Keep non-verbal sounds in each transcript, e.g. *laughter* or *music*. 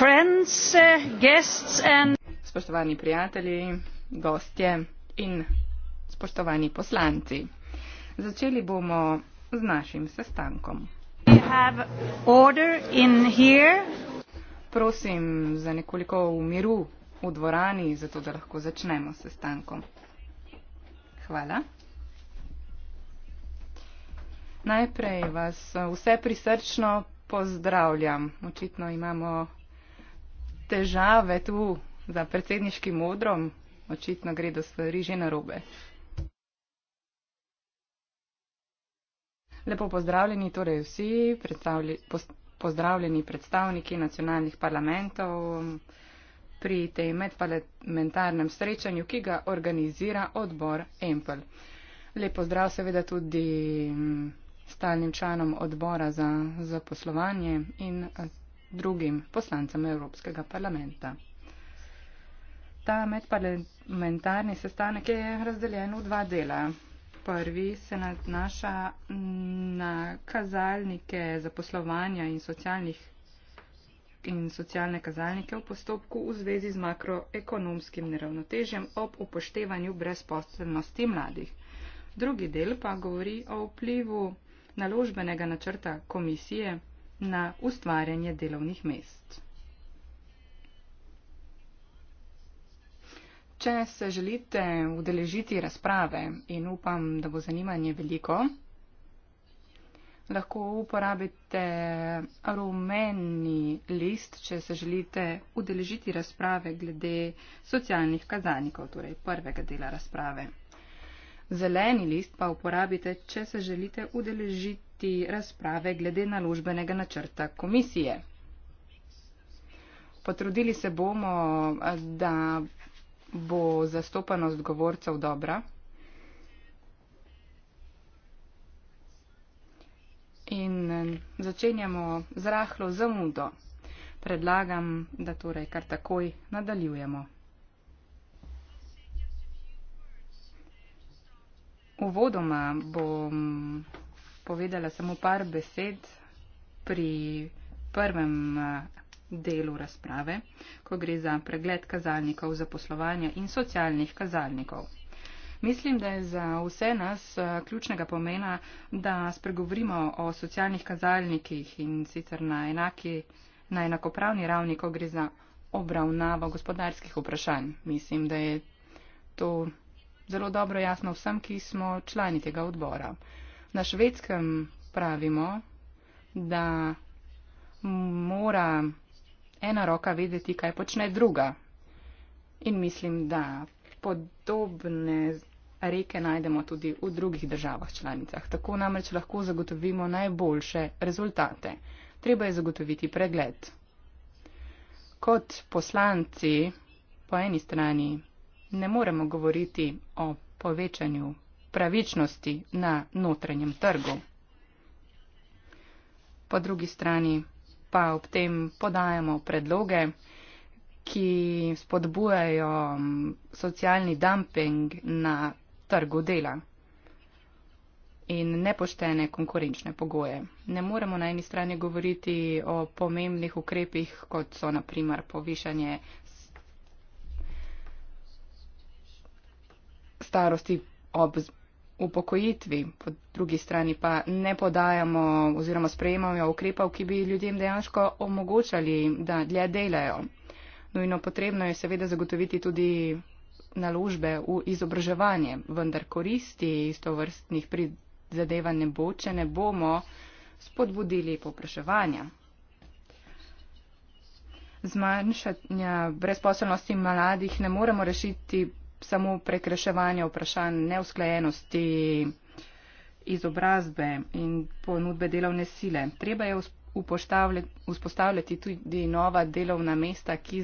friends, eh, and... Spoštovani prijatelji, gostje in spoštovani poslanci. Začeli bomo z našim sestankom. Prosim za nekoliko umiru v dvorani, zato da lahko začnemo sestankom. Hvala. Najprej vas vse prisrčno pozdravljam. Očitno imamo težave tu za predsedniškim modrom, očitno gre do stvari že na robe. Lepo pozdravljeni torej vsi, predstavlj pozdravljeni predstavniki nacionalnih parlamentov pri tem medparlamentarnem srečanju, ki ga organizira odbor EMPL. Lepo zdrav seveda tudi stalnim članom odbora za zaposlovanje in drugim poslancem Evropskega parlamenta. Ta medparlamentarni sestanek je razdeljen v dva dela. Prvi se nadnaša na kazalnike zaposlovanja in, in socialne kazalnike v postopku v zvezi z makroekonomskim neravnotežjem ob upoštevanju brezposteljnosti mladih. Drugi del pa govori o vplivu naložbenega načrta komisije na ustvarjanje delovnih mest. Če se želite udeležiti razprave in upam, da bo zanimanje veliko, lahko uporabite rumeni list, če se želite udeležiti razprave glede socialnih kazalnikov, torej prvega dela razprave. Zeleni list pa uporabite, če se želite udeležiti poteči razprave glede naložbenega načrta komisije. Potrudili se bomo, da bo zastopanost govorcev dobra in začenjamo z rahlo zamudo. Predlagam, da torej kar takoj nadaljujemo. Uvodoma bom povedala samo par besed pri prvem eh, delu razprave, ko gre za pregled kazalnikov zaposlovanja in socialnih kazalnikov. Mislim, da je za vse nas eh, ključnega pomena, da spregovorimo o socialnih kazalnikih in sicer na, enaki, na enakopravni ravni, ko gre za obravnavo gospodarskih vprašanj. Mislim, da je to zelo dobro jasno vsem, ki smo člani tega odbora na švedskem pravimo, da mora ena roka vedeti, kaj počne druga. In mislim, da podobne reke najdemo tudi v drugih državah članicah. Tako namreč lahko zagotovimo najboljše rezultate. Treba je zagotoviti pregled. Kot poslanci po eni strani ne moremo govoriti o povečanju pravičnosti na notranjem trgu. Po drugi strani pa ob tem podajamo predloge, ki spodbujajo mm, socialni dumping na trgu dela in nepoštene konkurenčne pogoje. Ne moremo na eni strani govoriti o pomembnih ukrepih, kot so naprimer povišanje starosti ob upokojitvi, po drugi strani pa ne podajamo oziroma sprejemamo ukrepov, ki bi ljudem dejansko omogočali, da dlje delajo. Nujno potrebno je seveda zagotoviti tudi naložbe v izobraževanje, vendar koristi iz to vrstnih prizadeva ne bo, če ne bomo spodbudili popraševanja. Zmanjšanja brezposelnosti mladih ne moremo rešiti samo prekreševanje vprašanj neusklajenosti izobrazbe in ponudbe delovne sile. Treba je vzpostavljati tudi nova delovna mesta, ki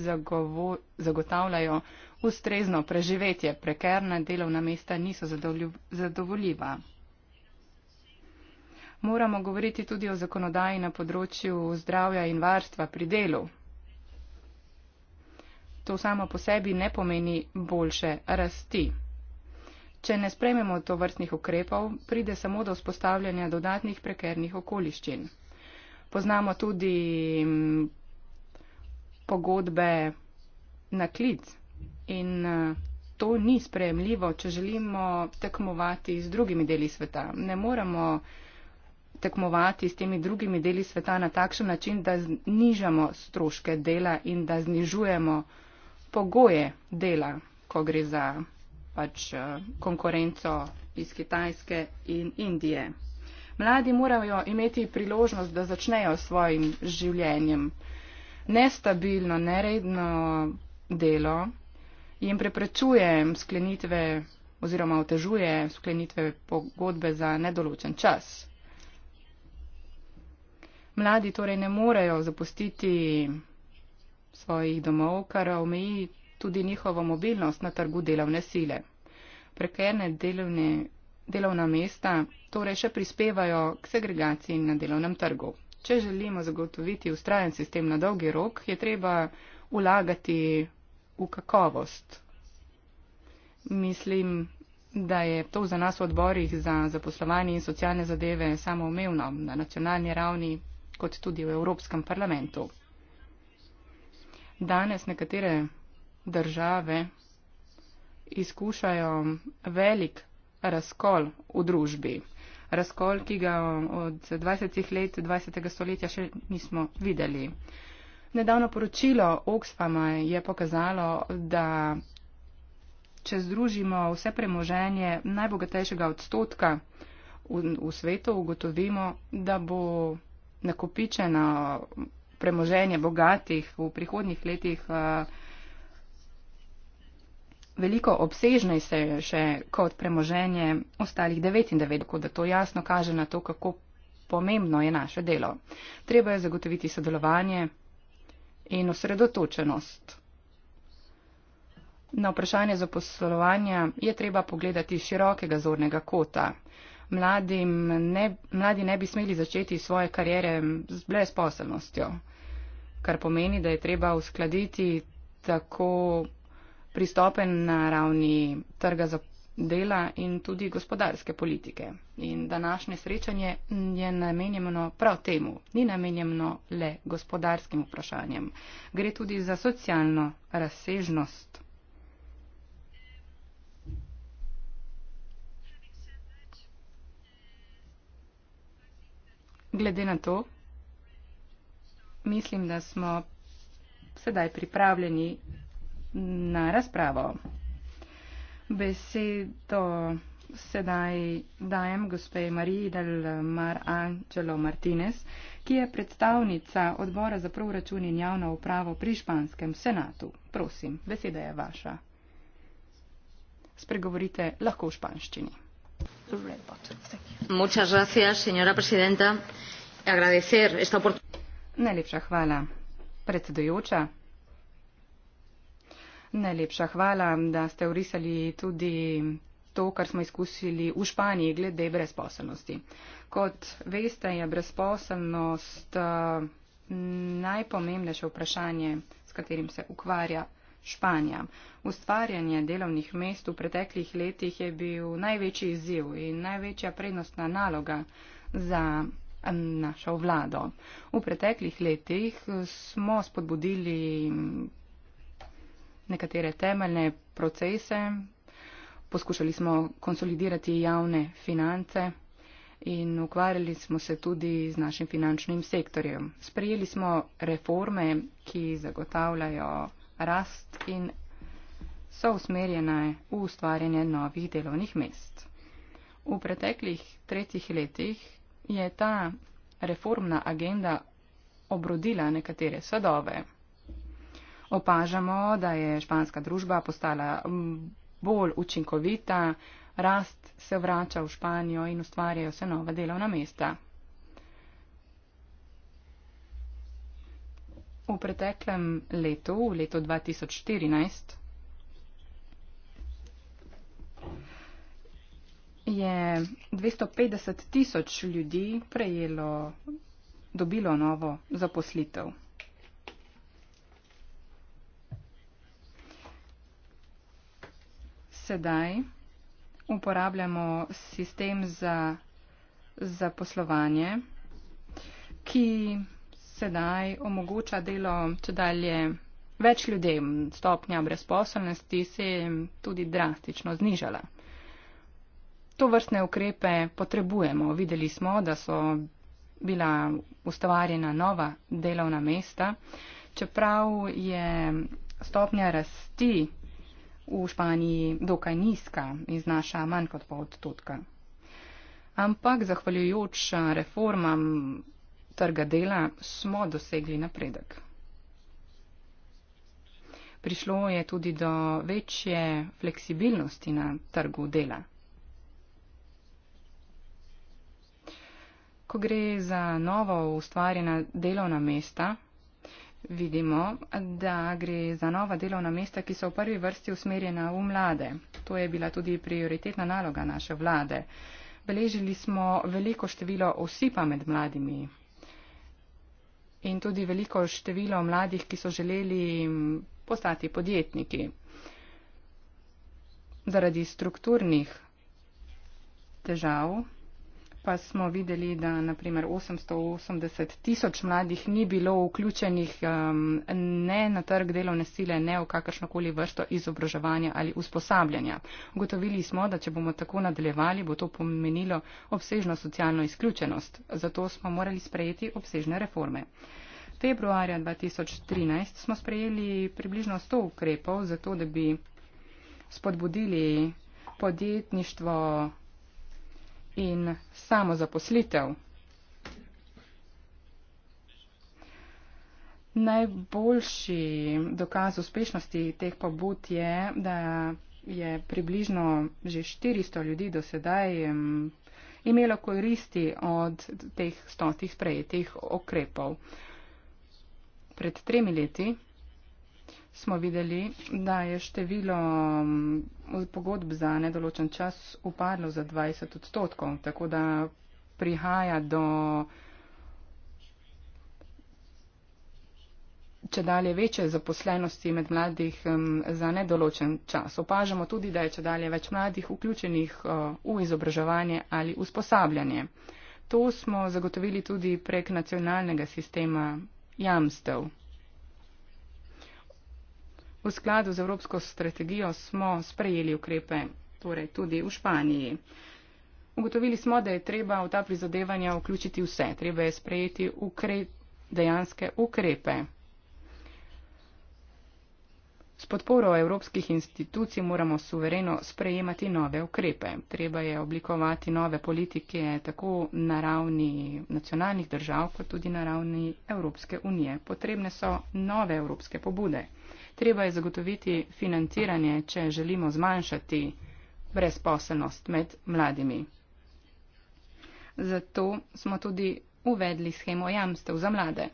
zagotavljajo ustrezno preživetje. Prekerna delovna mesta niso zadovoljiva. Moramo govoriti tudi o zakonodaji na področju zdravja in varstva pri delu to samo po sebi ne pomeni boljše rasti. Če ne sprejmemo to vrstnih ukrepov, pride samo do vzpostavljanja dodatnih prekernih okoliščin. Poznamo tudi mm, pogodbe na klic in eh, to ni sprejemljivo, če želimo tekmovati z drugimi deli sveta. Ne moramo tekmovati s temi drugimi deli sveta na takšen način, da znižamo stroške dela in da znižujemo pogoje dela, ko gre za pač, eh, konkurenco iz Kitajske in Indije. Mladi morajo imeti priložnost, da začnejo s svojim življenjem. Nestabilno, neredno delo jim preprečuje sklenitve oziroma otežuje sklenitve pogodbe za nedoločen čas. Mladi torej ne morejo zapustiti svojih domov, kar omeji tudi njihovo mobilnost na trgu delovne sile. Prekerne delovne, delovna mesta torej še prispevajo k segregaciji na delovnem trgu. Če želimo zagotoviti ustrajen sistem na dolgi rok, je treba ulagati v kakovost. Mislim, da je to za nas v odborih za zaposlovanje in socialne zadeve samoumevno na nacionalni ravni kot tudi v Evropskem parlamentu danes nekatere države izkušajo velik razkol v družbi. Razkol, ki ga od 20. let 20. stoletja še nismo videli. Nedavno poročilo Oxfama je pokazalo, da če združimo vse premoženje najbogatejšega odstotka v, v svetu, ugotovimo, da bo nakopičena premoženje bogatih v prihodnih letih eh, veliko obsežnej se je še kot premoženje ostalih 99, tako da to jasno kaže na to, kako pomembno je naše delo. Treba je zagotoviti sodelovanje in osredotočenost. Na vprašanje zaposlovanja je treba pogledati širokega zornega kota mladim ne, mladi ne bi smeli začeti svoje karijere z brezposelnostjo, kar pomeni, da je treba uskladiti tako pristopen na ravni trga za dela in tudi gospodarske politike. In današnje srečanje je namenjeno prav temu, ni namenjeno le gospodarskim vprašanjem. Gre tudi za socialno razsežnost. Glede na to, mislim, da smo sedaj pripravljeni na razpravo. Besedo sedaj dajem gospe Mariji del Mar Angelo Martinez, ki je predstavnica odbora za proračun in javno upravo pri Španskem senatu. Prosim, beseda je vaša. Spregovorite lahko v španščini. Najlepša hvala, predsedujoča. Najlepša hvala, da ste orisali tudi to, kar smo izkusili v Španiji glede brezposelnosti. Kot veste, je brezposelnost eh, najpomembnejše vprašanje, s katerim se ukvarja Španija. Ustvarjanje delovnih mest v preteklih letih je bil največji izziv in največja prednostna naloga za našo vlado. V preteklih letih smo spodbudili nekatere temeljne procese, poskušali smo konsolidirati javne finance in ukvarjali smo se tudi z našim finančnim sektorjem. Sprejeli smo reforme, ki zagotavljajo rast in so usmerjene v ustvarjanje novih delovnih mest. V preteklih tretjih letih je ta reformna agenda obrodila nekatere sadove. Opažamo, da je španska družba postala bolj učinkovita, rast se vrača v Španijo in ustvarjajo se nova delovna mesta. V preteklem letu, v letu 2014, je 250 tisoč ljudi prejelo, dobilo novo zaposlitev. Sedaj uporabljamo sistem za zaposlovanje, ki sedaj omogoča delo čudalje več ljudem. Stopnja brezposobnosti se je tudi drastično znižala. To vrstne ukrepe potrebujemo. Videli smo, da so bila ustvarjena nova delovna mesta, čeprav je stopnja rasti v Španiji dokaj nizka in znaša manj kot pol odstotka. Ampak zahvaljujoč reformam trga dela smo dosegli napredek. Prišlo je tudi do večje fleksibilnosti na trgu dela. Ko gre za novo ustvarjena delovna mesta, vidimo, da gre za nova delovna mesta, ki so v prvi vrsti usmerjena v mlade. To je bila tudi prioritetna naloga naše vlade. Beležili smo veliko število osipa med mladimi, in tudi veliko število mladih, ki so želeli mm, postati podjetniki. Zaradi strukturnih težav pa smo videli, da naprimer 880 tisoč mladih ni bilo vključenih um, ne na trg delovne sile, ne v kakršnokoli vrsto izobraževanja ali usposabljanja. Ugotovili smo, da če bomo tako nadaljevali, bo to pomenilo obsežno socialno izključenost. Zato smo morali sprejeti obsežne reforme. Februarja 2013 smo sprejeli približno 100 ukrepov, zato da bi spodbudili podjetništvo in samozaposlitev. Najboljši dokaz uspešnosti teh pobud je, da je približno že 400 ljudi do sedaj imelo koristi od teh stotih sprejetih okrepov. Pred tremi leti smo videli, da je število mm, pogodb za nedoločen čas upadlo za 20 odstotkov, tako da prihaja do če dalje večje zaposlenosti med mladih mm, za nedoločen čas. Opažamo tudi, da je če dalje več mladih vključenih v izobraževanje ali usposabljanje. To smo zagotovili tudi prek nacionalnega sistema jamstev. V skladu z evropsko strategijo smo sprejeli ukrepe, torej tudi v Španiji. Ugotovili smo, da je treba v ta prizadevanja vključiti vse, treba je sprejeti ukre, dejanske ukrepe. S podporo evropskih institucij moramo suvereno sprejemati nove ukrepe. Treba je oblikovati nove politike tako na ravni nacionalnih držav, kot tudi na ravni Evropske unije. Potrebne so nove evropske pobude. Treba je zagotoviti financiranje, če želimo zmanjšati brezposelnost med mladimi. Zato smo tudi uvedli schemo jamstev za mlade.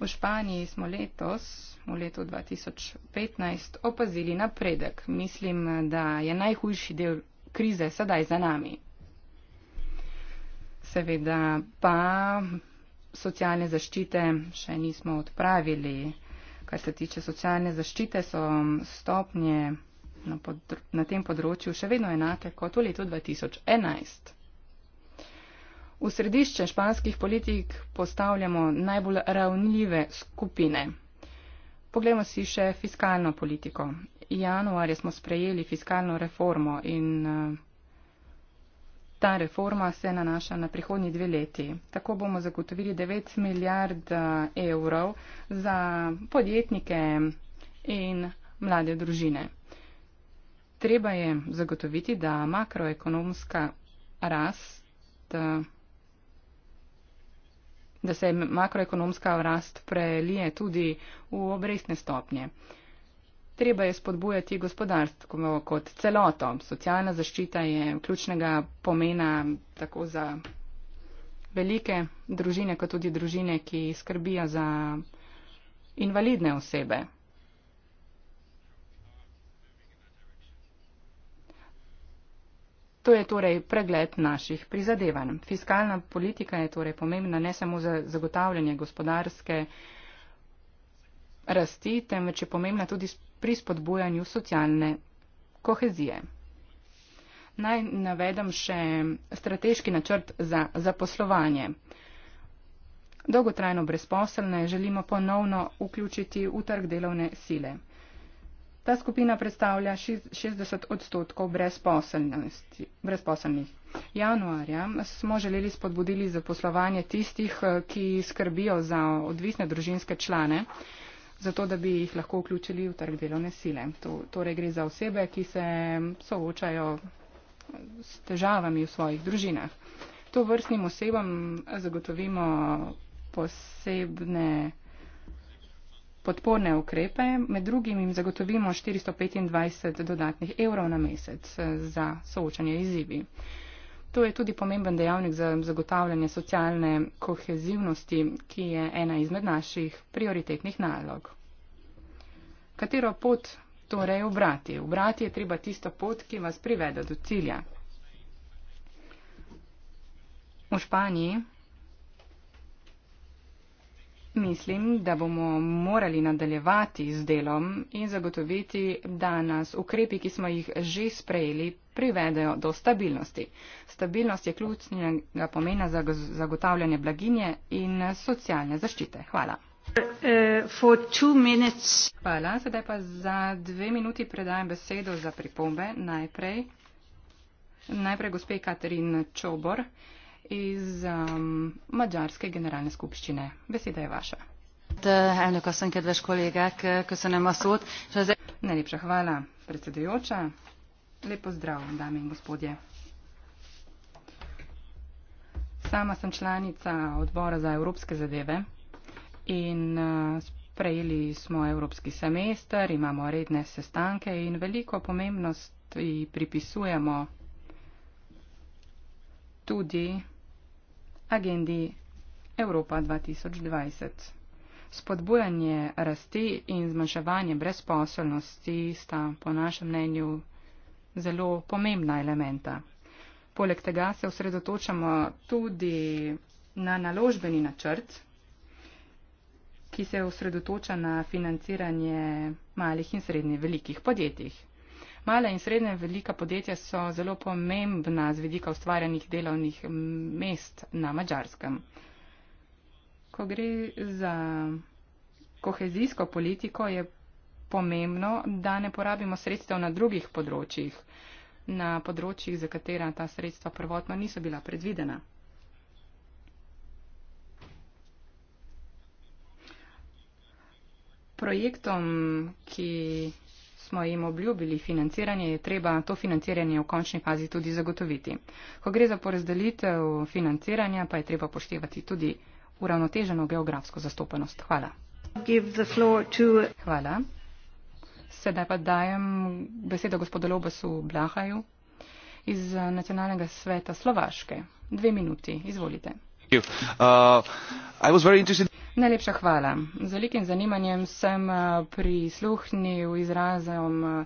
V Španiji smo letos, v letu 2015, opazili napredek. Mislim, da je najhujši del krize sedaj za nami. Seveda pa socialne zaščite še nismo odpravili. Kar se tiče socialne zaščite, so stopnje na, pod, na tem področju še vedno enake kot v letu 2011. V središče španskih politik postavljamo najbolj ravnljive skupine. Poglejmo si še fiskalno politiko. Januarje smo sprejeli fiskalno reformo in eh, ta reforma se nanaša na prihodnji dve leti. Tako bomo zagotovili 9 milijard eh, evrov za podjetnike in mlade družine. Treba je zagotoviti, da makroekonomska rast eh, da se makroekonomska rast prelije tudi v obrestne stopnje. Treba je spodbujati gospodarstvo kot celoto. Socialna zaščita je ključnega pomena tako za velike družine, kot tudi družine, ki skrbijo za invalidne osebe. To je torej pregled naših prizadevanj. Fiskalna politika je torej pomembna ne samo za zagotavljanje gospodarske rasti, temveč je pomembna tudi pri spodbujanju socialne kohezije. Naj navedem še strateški načrt za zaposlovanje. Dolgotrajno brezposelne želimo ponovno vključiti v trg delovne sile. Ta skupina predstavlja 60 odstotkov brezposelnih. Januarja smo želeli spodbuditi zaposlovanje tistih, eh, ki skrbijo za odvisne družinske člane, zato da bi jih lahko vključili v trg delovne sile. To, torej gre za osebe, ki se soočajo s težavami v svojih družinah. To vrstnim osebam zagotovimo posebne podporne ukrepe, med drugim jim zagotovimo 425 dodatnih evrov na mesec eh, za soočanje izzivi. To je tudi pomemben dejavnik za zagotavljanje socialne kohezivnosti, ki je ena izmed naših prioritetnih nalog. Katero pot torej obrati? Obrati je treba tisto pot, ki vas privede do cilja. V Španiji Mislim, da bomo morali nadaljevati z delom in zagotoviti, da nas ukrepi, ki smo jih že sprejeli, privedejo do stabilnosti. Stabilnost je ključnega pomena za zagotavljanje blaginje in socialne zaščite. Hvala. Hvala. Sedaj pa za dve minuti predajem besedo za pripombe. Najprej, najprej gospe Katarin Čobor iz um, Mađarske generalne skupščine. Beseda je vaša. Elnök asszony, kedves kollégák, köszönöm a szót. És az... Nelipse hvala, precedő jócsa. Lépo zdrav, dámény, gospodje. Száma szem článica od Bora za Európske zadeve. In uh, sprejeli smo Európski semester, imamo redne sestanke in veliko pomembnost pripisujemo tudi agendi Evropa 2020. Spodbujanje rasti in zmanjševanje brezposelnosti sta po našem mnenju zelo pomembna elementa. Poleg tega se osredotočamo tudi na naložbeni načrt, ki se osredotoča na financiranje malih in srednje velikih podjetij. Mala in srednja velika podjetja so zelo pomembna z vidika ustvarjanih delovnih mest na Mačarskem. Ko gre za kohezijsko politiko, je pomembno, da ne porabimo sredstev na drugih področjih, na področjih, za katera ta sredstva prvotno niso bila predvidena. Projektom, ki smo jim obljubili financiranje, je treba to financiranje v končni fazi tudi zagotoviti. Ko gre za porazdelitev financiranja, pa je treba poštevati tudi uravnoteženo geografsko zastopenost. Hvala. To... Hvala. Sedaj pa dajem besedo gospodu Lobesu Blahaju iz eh, Nacionalnega sveta Slovaške. Dve minuti, izvolite. Uh, Najlepša hvala. Z velikim zanimanjem sem eh, prisluhnil izrazom eh,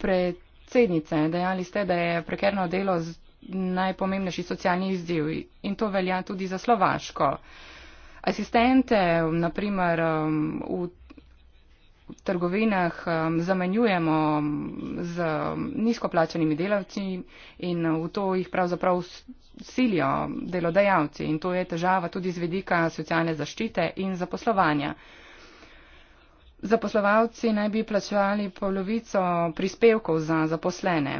predsednice. Dejali ste, da je prekerno delo najpomembnejši socialni izziv in to velja tudi za Slovaško. Asistente, naprimer, v trgovinah zamenjujemo z nizkoplačenimi delavci in v to jih pravzaprav silijo delodajalci in to je težava tudi z vedika socialne zaščite in zaposlovanja. Zaposlovalci naj bi plačevali polovico prispevkov za zaposlene.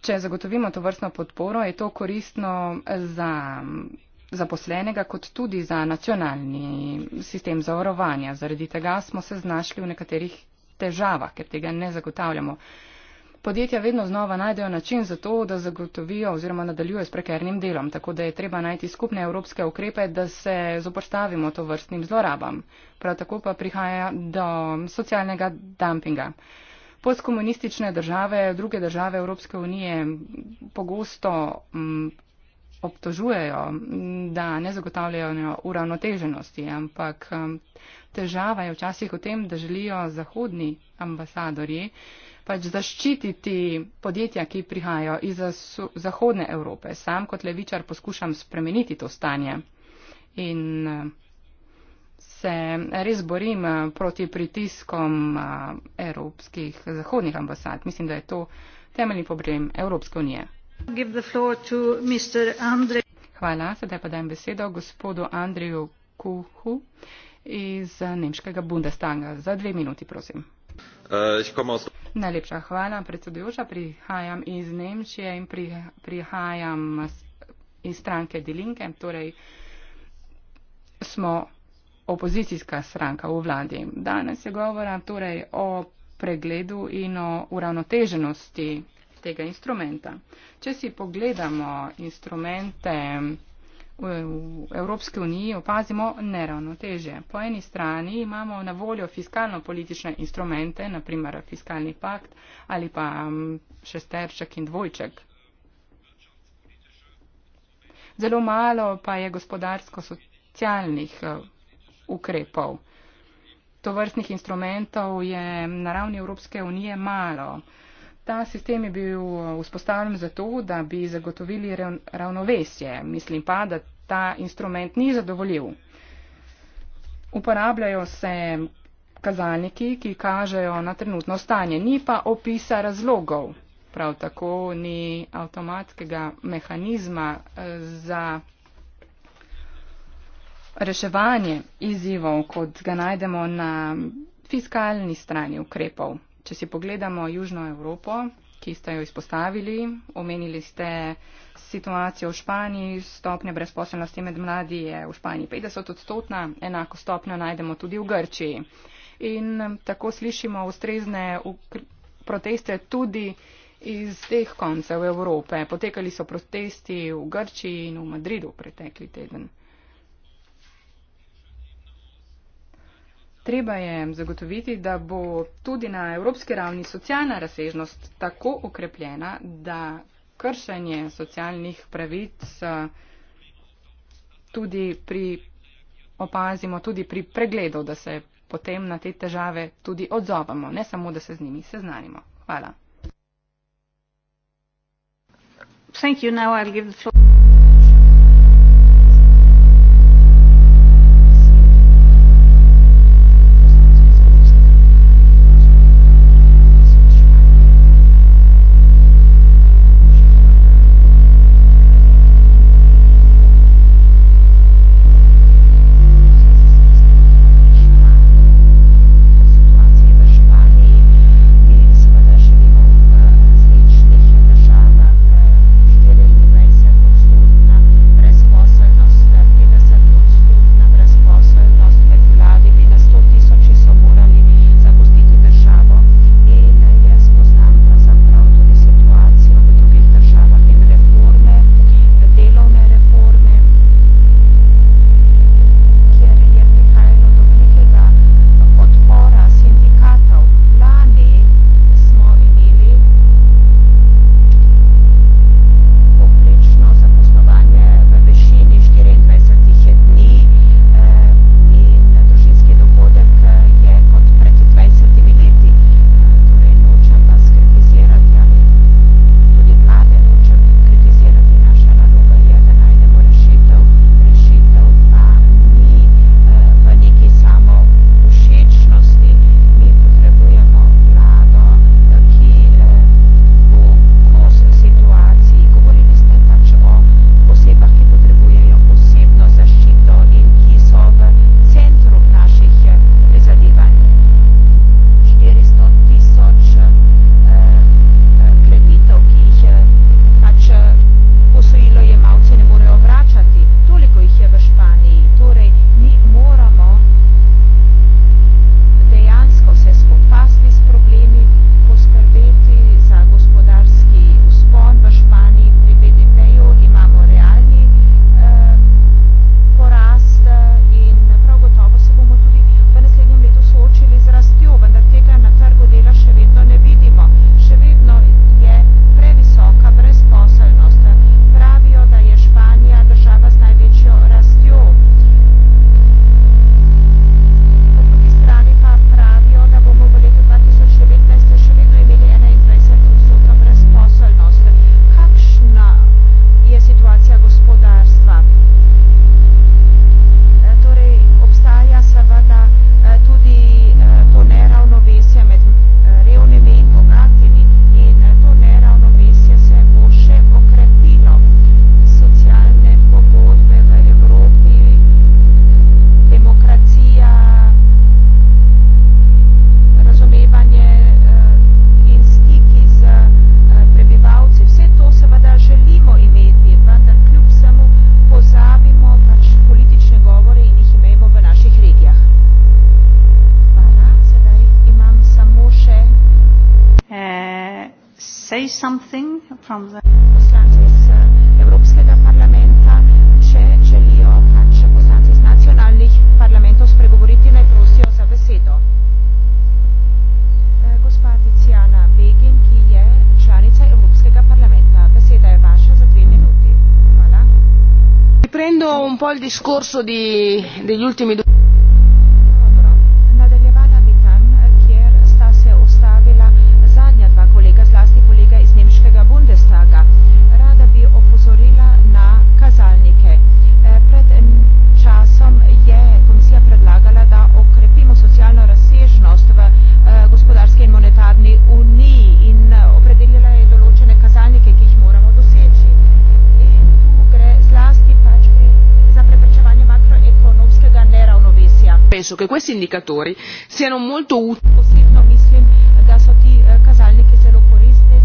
Če zagotovimo to vrstno podporo, je to koristno za zaposlenega kot tudi za nacionalni sistem zavarovanja. Zaradi tega smo se znašli v nekaterih težavah, ker tega ne zagotavljamo. Podjetja vedno znova najdejo način za to, da zagotovijo oziroma nadaljujo s prekernim delom, tako da je treba najti skupne evropske ukrepe, da se zoprstavimo to vrstnim zlorabam. Prav tako pa prihaja do socialnega dumpinga. Postkomunistične države, druge države Evropske unije pogosto m, mm, obtožujejo, mm, da ne zagotavljajo uravnoteženosti, ampak m, mm, težava je včasih v tem, da želijo zahodni ambasadori pač zaščititi podjetja, ki prihajajo iz Zahodne Evrope. Sam kot levičar poskušam spremeniti to stanje in se res borim eh, proti pritiskom eh, evropskih zahodnih ambasad. Mislim, da je to temeljni problem Evropske unije. Hvala, sedaj pa dajem besedo gospodu Andriju Kuhu iz eh, nemškega Bundestanga. Za dve minuti, prosim. Eh, Najlepša hvala, predsedujoča. Prihajam iz Nemčije in prihajam iz stranke Dilinke, torej smo opozicijska stranka v vladi. Danes je govora torej o pregledu in o uravnoteženosti tega instrumenta. Če si pogledamo instrumente, v Evropski uniji opazimo neravnoteže. Po eni strani imamo na voljo fiskalno-politične instrumente, naprimer fiskalni pakt ali pa mm, šesterček in dvojček. Zelo malo pa je gospodarsko-socialnih eh, ukrepov. To vrstnih instrumentov je na ravni Evropske unije malo. Ta sistem je bil uh, vzpostavljen zato, da bi zagotovili ravnovesje. Mislim pa, da ta instrument ni zadovoljiv. Uporabljajo se kazalniki, ki kažejo na trenutno stanje, ni pa opisa razlogov. Prav tako ni avtomatskega mehanizma eh, za reševanje izzivov, kot ga najdemo na fiskalni strani ukrepov če si pogledamo Južno Evropo, ki ste jo izpostavili, omenili ste situacijo v Španiji, stopnja brezposelnosti med mladi je v Španiji 50 odstotna, enako stopnjo najdemo tudi v Grčiji. In tako slišimo ustrezne proteste tudi iz teh koncev Evrope. Potekali so protesti v Grčiji in v Madridu pretekli teden. Treba je zagotoviti, da bo tudi na evropski ravni socialna razsežnost tako okrepljena, da kršenje socialnih pravic eh, tudi pri, opazimo tudi pri pregledu, da se potem na te težave tudi odzovamo, ne samo, da se z njimi seznanimo. Hvala. Thank you. Now I'll give the floor. po' il discorso di, degli ultimi due. penso che questi indicatori siano molto utili no, eh,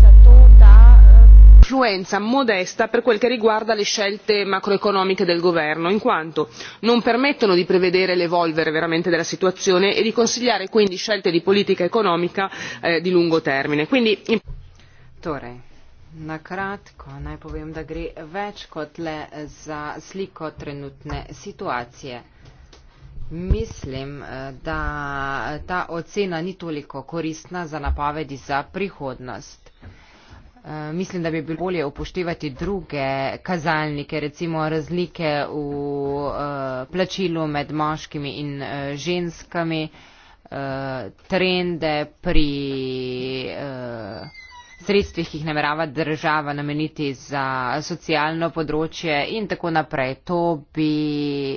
eh, influenza modesta per quel che riguarda le scelte macroeconomiche del governo in quanto non permettono di prevedere l'evolvere veramente della situazione e di consigliare quindi scelte di politica economica eh, di lungo termine. Torej, na kratko naj povem, da gre več kot le za sliko trenutne situacije. Mislim, eh, da ta ocena ni toliko koristna za napovedi za prihodnost. Eh, mislim, da bi bilo bolje upoštevati druge kazalnike, recimo razlike v eh, plačilu med moškimi in ženskami, trende pri sredstvih, ki jih namerava država nameniti za socialno področje in tako naprej. To bi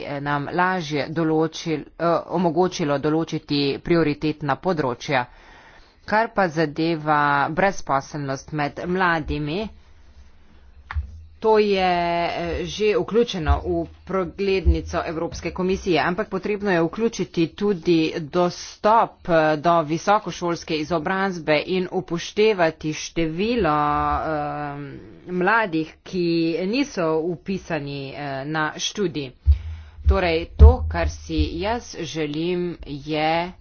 eh, nam lažje določil, eh, omogočilo določiti prioritetna področja. Kar pa zadeva brezposelnost med mladimi, to je eh, že vključeno v proglednico Evropske komisije, ampak potrebno je vključiti tudi dostop eh, do visokošolske izobrazbe in upoštevati število um, mladih, ki niso upisani uh, na študij. Torej, to, kar si jaz želim, je.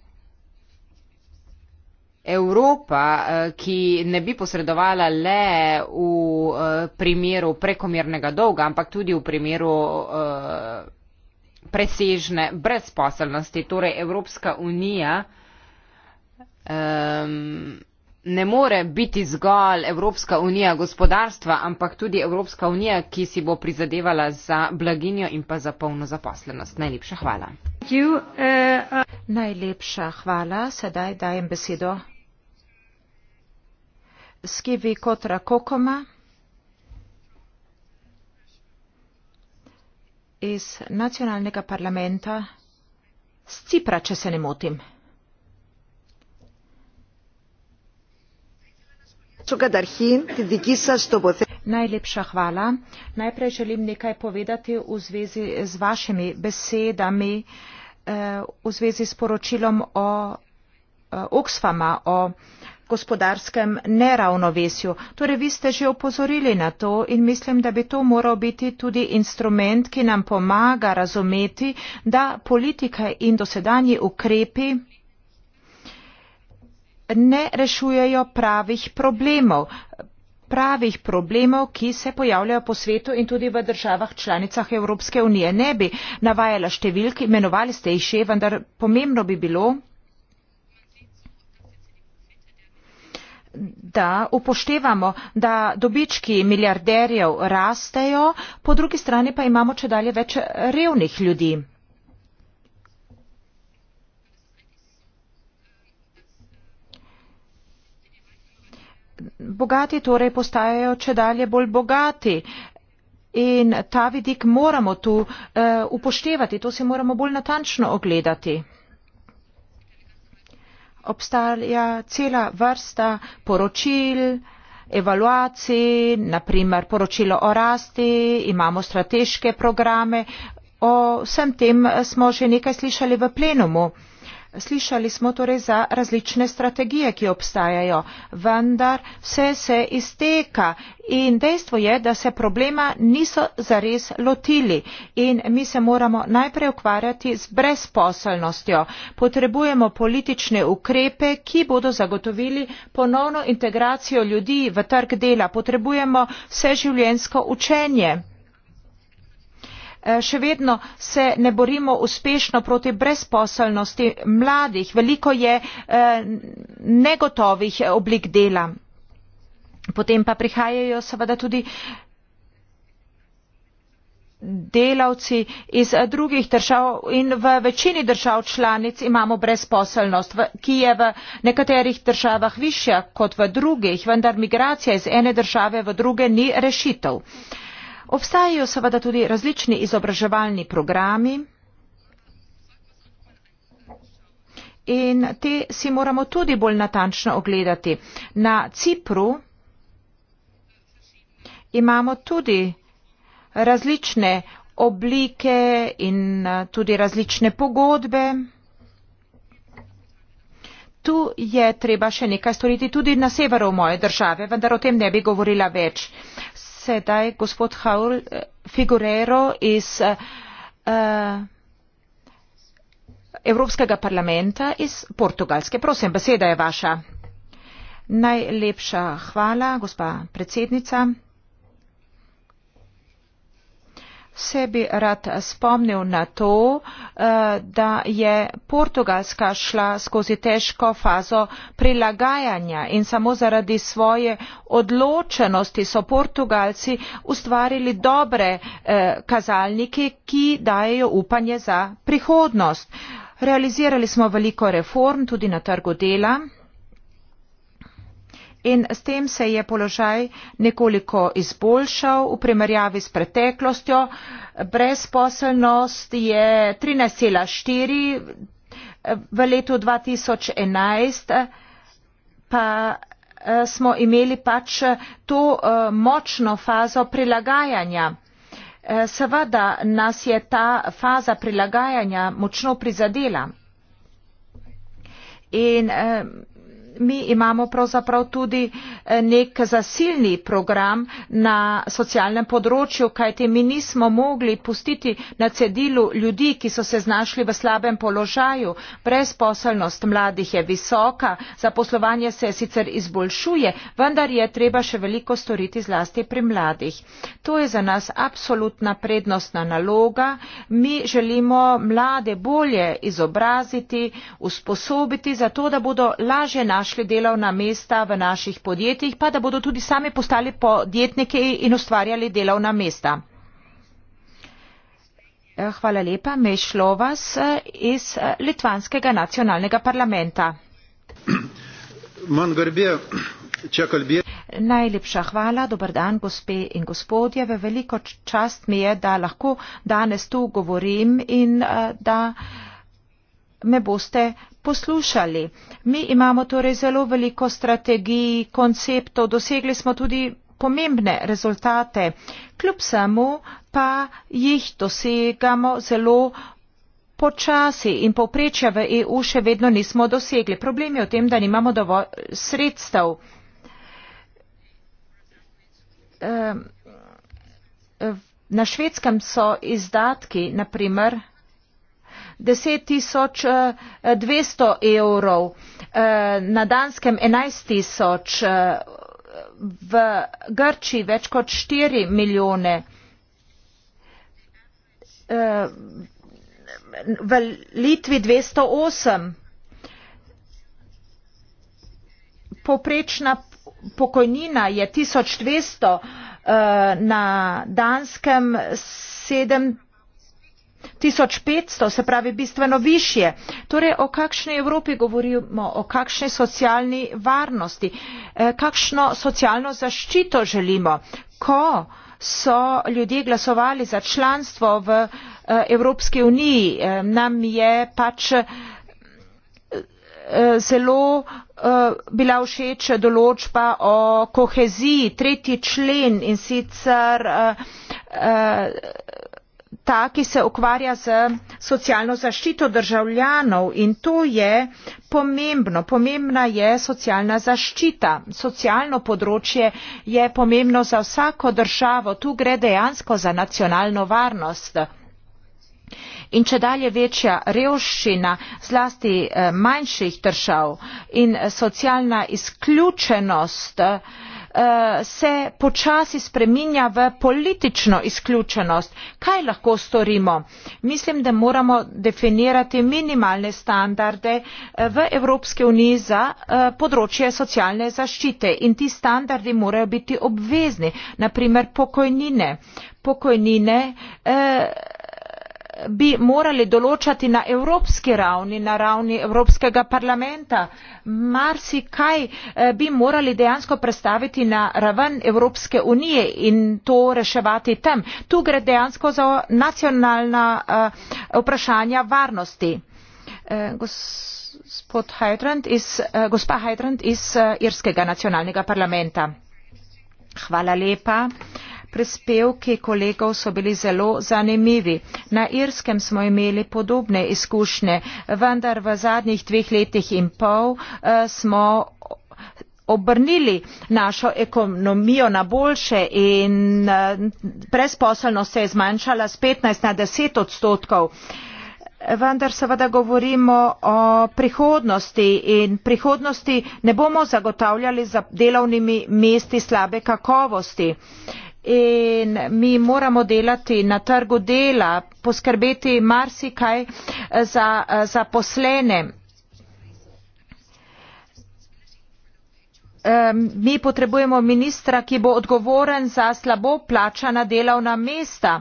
Evropa, eh, ki ne bi posredovala le v eh, primeru prekomernega dolga, ampak tudi v primeru eh, presežne brezposelnosti, torej Evropska unija ne more biti zgolj Evropska unija gospodarstva, ampak tudi Evropska unija, ki si bo prizadevala za blaginjo in pa za polno zaposlenost. Najlepša hvala. You, uh, uh... Najlepša hvala. Sedaj dajem besedo. Skivi Kotra Kokoma iz nacionalnega parlamenta z Cipra, če se ne motim. Najlepša hvala. Najprej želim nekaj povedati v zvezi z vašimi besedami, eh, v zvezi s poročilom o eh, Oxfama, o gospodarskem neravnovesju. Torej, vi ste že opozorili na to in mislim, da bi to moral biti tudi instrument, ki nam pomaga razumeti, da politike in dosedanji ukrepi ne rešujejo pravih problemov, pravih problemov, ki se pojavljajo po svetu in tudi v državah članicah Evropske unije. Ne bi navajala številk, imenovali ste jih še, vendar pomembno bi bilo, seveda upoštevamo da dobički milijarderjev rastejo po drugi strani pa imamo če dalje več revnih ljudi. Bogati torej postajajo če dalje bolj bogati in ta vidik moramo tu uh, upoštevati, to si moramo bolj natančno ogledati obstaja cela vrsta poročil, evaluacij, naprimer poročilo o rasti, imamo strateške programe, o vsem tem smo že nekaj slišali v plenumu. Slišali smo torej za različne strategije, ki obstajajo, vendar vse se izteka in dejstvo je, da se problema niso zares lotili in mi se moramo najprej ukvarjati z brezposelnostjo. Potrebujemo politične ukrepe, ki bodo zagotovili ponovno integracijo ljudi v trg dela. Potrebujemo vseživljenjsko učenje. Eh, še vedno se ne borimo uspešno proti brezposelnosti mladih veliko je eh, negotovih oblik dela potem pa prihajajo seveda tudi delavci iz eh, drugih držav in v večini držav članic imamo brezposelnost, ki je v nekaterih državah višja kot v drugih, vendar migracija iz ene države v druge ni rešitev. Uh, obstajajo seveda tudi različni izobraževalni programi in te si moramo tudi bolj natančno ogledati. Na Cipru imamo tudi različne oblike in eh, tudi različne pogodbe. Tu je treba še nekaj storiti tudi na severu moje države, vendar o tem ne bi govorila več sedaj gospod Haul eh, Figurero iz uh, Evropskega parlamenta iz Portugalske. Prosim, beseda je vaša. Najlepša hvala, gospa predsednica. vse bi rad spomnil na to, eh, da je Portugalska šla skozi težko fazo prilagajanja in samo zaradi svoje odločenosti so Portugalci ustvarili dobre eh, kazalnike, ki dajejo upanje za prihodnost. Realizirali smo veliko reform tudi na trgu dela in s tem se je položaj nekoliko izboljšal v primerjavi s preteklostjo. Brezposelnost je 13,4 v letu 2011, pa eh, smo imeli pač to eh, močno fazo prilagajanja. Eh, seveda nas je ta faza prilagajanja močno prizadela. In mi imamo pravzaprav tudi eh, nek zasilni program na socialnem področju kajti mi nismo mogli pustiti na cedilu ljudi ki so se znašli v slabem položaju brezposelnost mladih je visoka zaposlovanje se sicer izboljšuje vendar je treba še veliko storiti zlasti pri mladih to je za nas absolutna prednostna naloga mi želimo mlade bolje izobraziti usposobiti zato da bodo lažje našli delovna mesta v naših podjetjih, pa da bodo tudi sami postali podjetniki in ustvarjali delovna mesta. Eh, hvala lepa, Mešlo vas eh, iz eh, Litvanskega nacionalnega parlamenta. *clears throat* Najlepša hvala, dober dan, gospe in gospodje. Veliko čast mi je, da lahko danes tu govorim in da me boste poslušali. Mi imamo torej zelo veliko strategij, konceptov, dosegli smo tudi pomembne rezultate, kljub samo pa jih dosegamo zelo počasi in povprečja v EU še vedno nismo dosegli. Problem je v tem, da nimamo dovolj sredstev. Ehm, na švedskem so izdatki, naprimer, deset tisoč eh, dvesto evrov eh, na danskem enajst tisoč eh, v grčiji več kot štiri milijone v litvi dvesto osem poprečna pokojnina je tisoč dvesto na danskem sedem tisoč petsto se pravi bistveno višje torej o kakšni evropi govorimo o kakšni socialni varnosti e, kakšno socialno zaščito želimo ko so ljudje glasovali za članstvo v e, evropski uniji e, nam je pač zelo bila všeč določba o koheziji tretji člen in sicer ta ki se ukvarja z socialno zaščito državljanov in to je pomembno. Pomembna je socialna zaščita. Socialno področje je pomembno za vsako državo. Tu gre dejansko za nacionalno varnost. In če dalje večja revščina zlasti eh, manjših držav in eh, socialna izključenost Eh, se počasi spreminja v politično izključenost. kaj lahko storimo? mislim da moramo definirati minimalne standarde eh, v evropski uniji za eh, področje socialne zaščite in ti standardi morajo biti obvezni naprimer pokojnine pokojnine eh, bi morali določati na evropski ravni na ravni evropskega parlamenta marsikaj eh, bi morali dejansko prestaviti na raven evropske unije in to reševati tam tu gre dejansko za nacionalna eh, vprašanja varnosti eh, gospod heidrand iz gospa heidrand iz irskega nacionalnega parlamenta hvala lepa prispevki kolegov so bili zelo zanimivi. Na Irskem smo imeli podobne izkušnje, vendar v zadnjih dveh letih in pol eh, smo obrnili našo ekonomijo na boljše in presposelnost eh, se je zmanjšala z 15 na 10 odstotkov. Vendar seveda govorimo o prihodnosti in prihodnosti ne bomo zagotavljali za delovnimi mesti slabe kakovosti in mi moramo delati na trgu dela, poskrbeti marsikaj eh, za, eh, za poslene. Mi potrebujemo ministra, ki bo odgovoren za slabo plačana delovna mesta.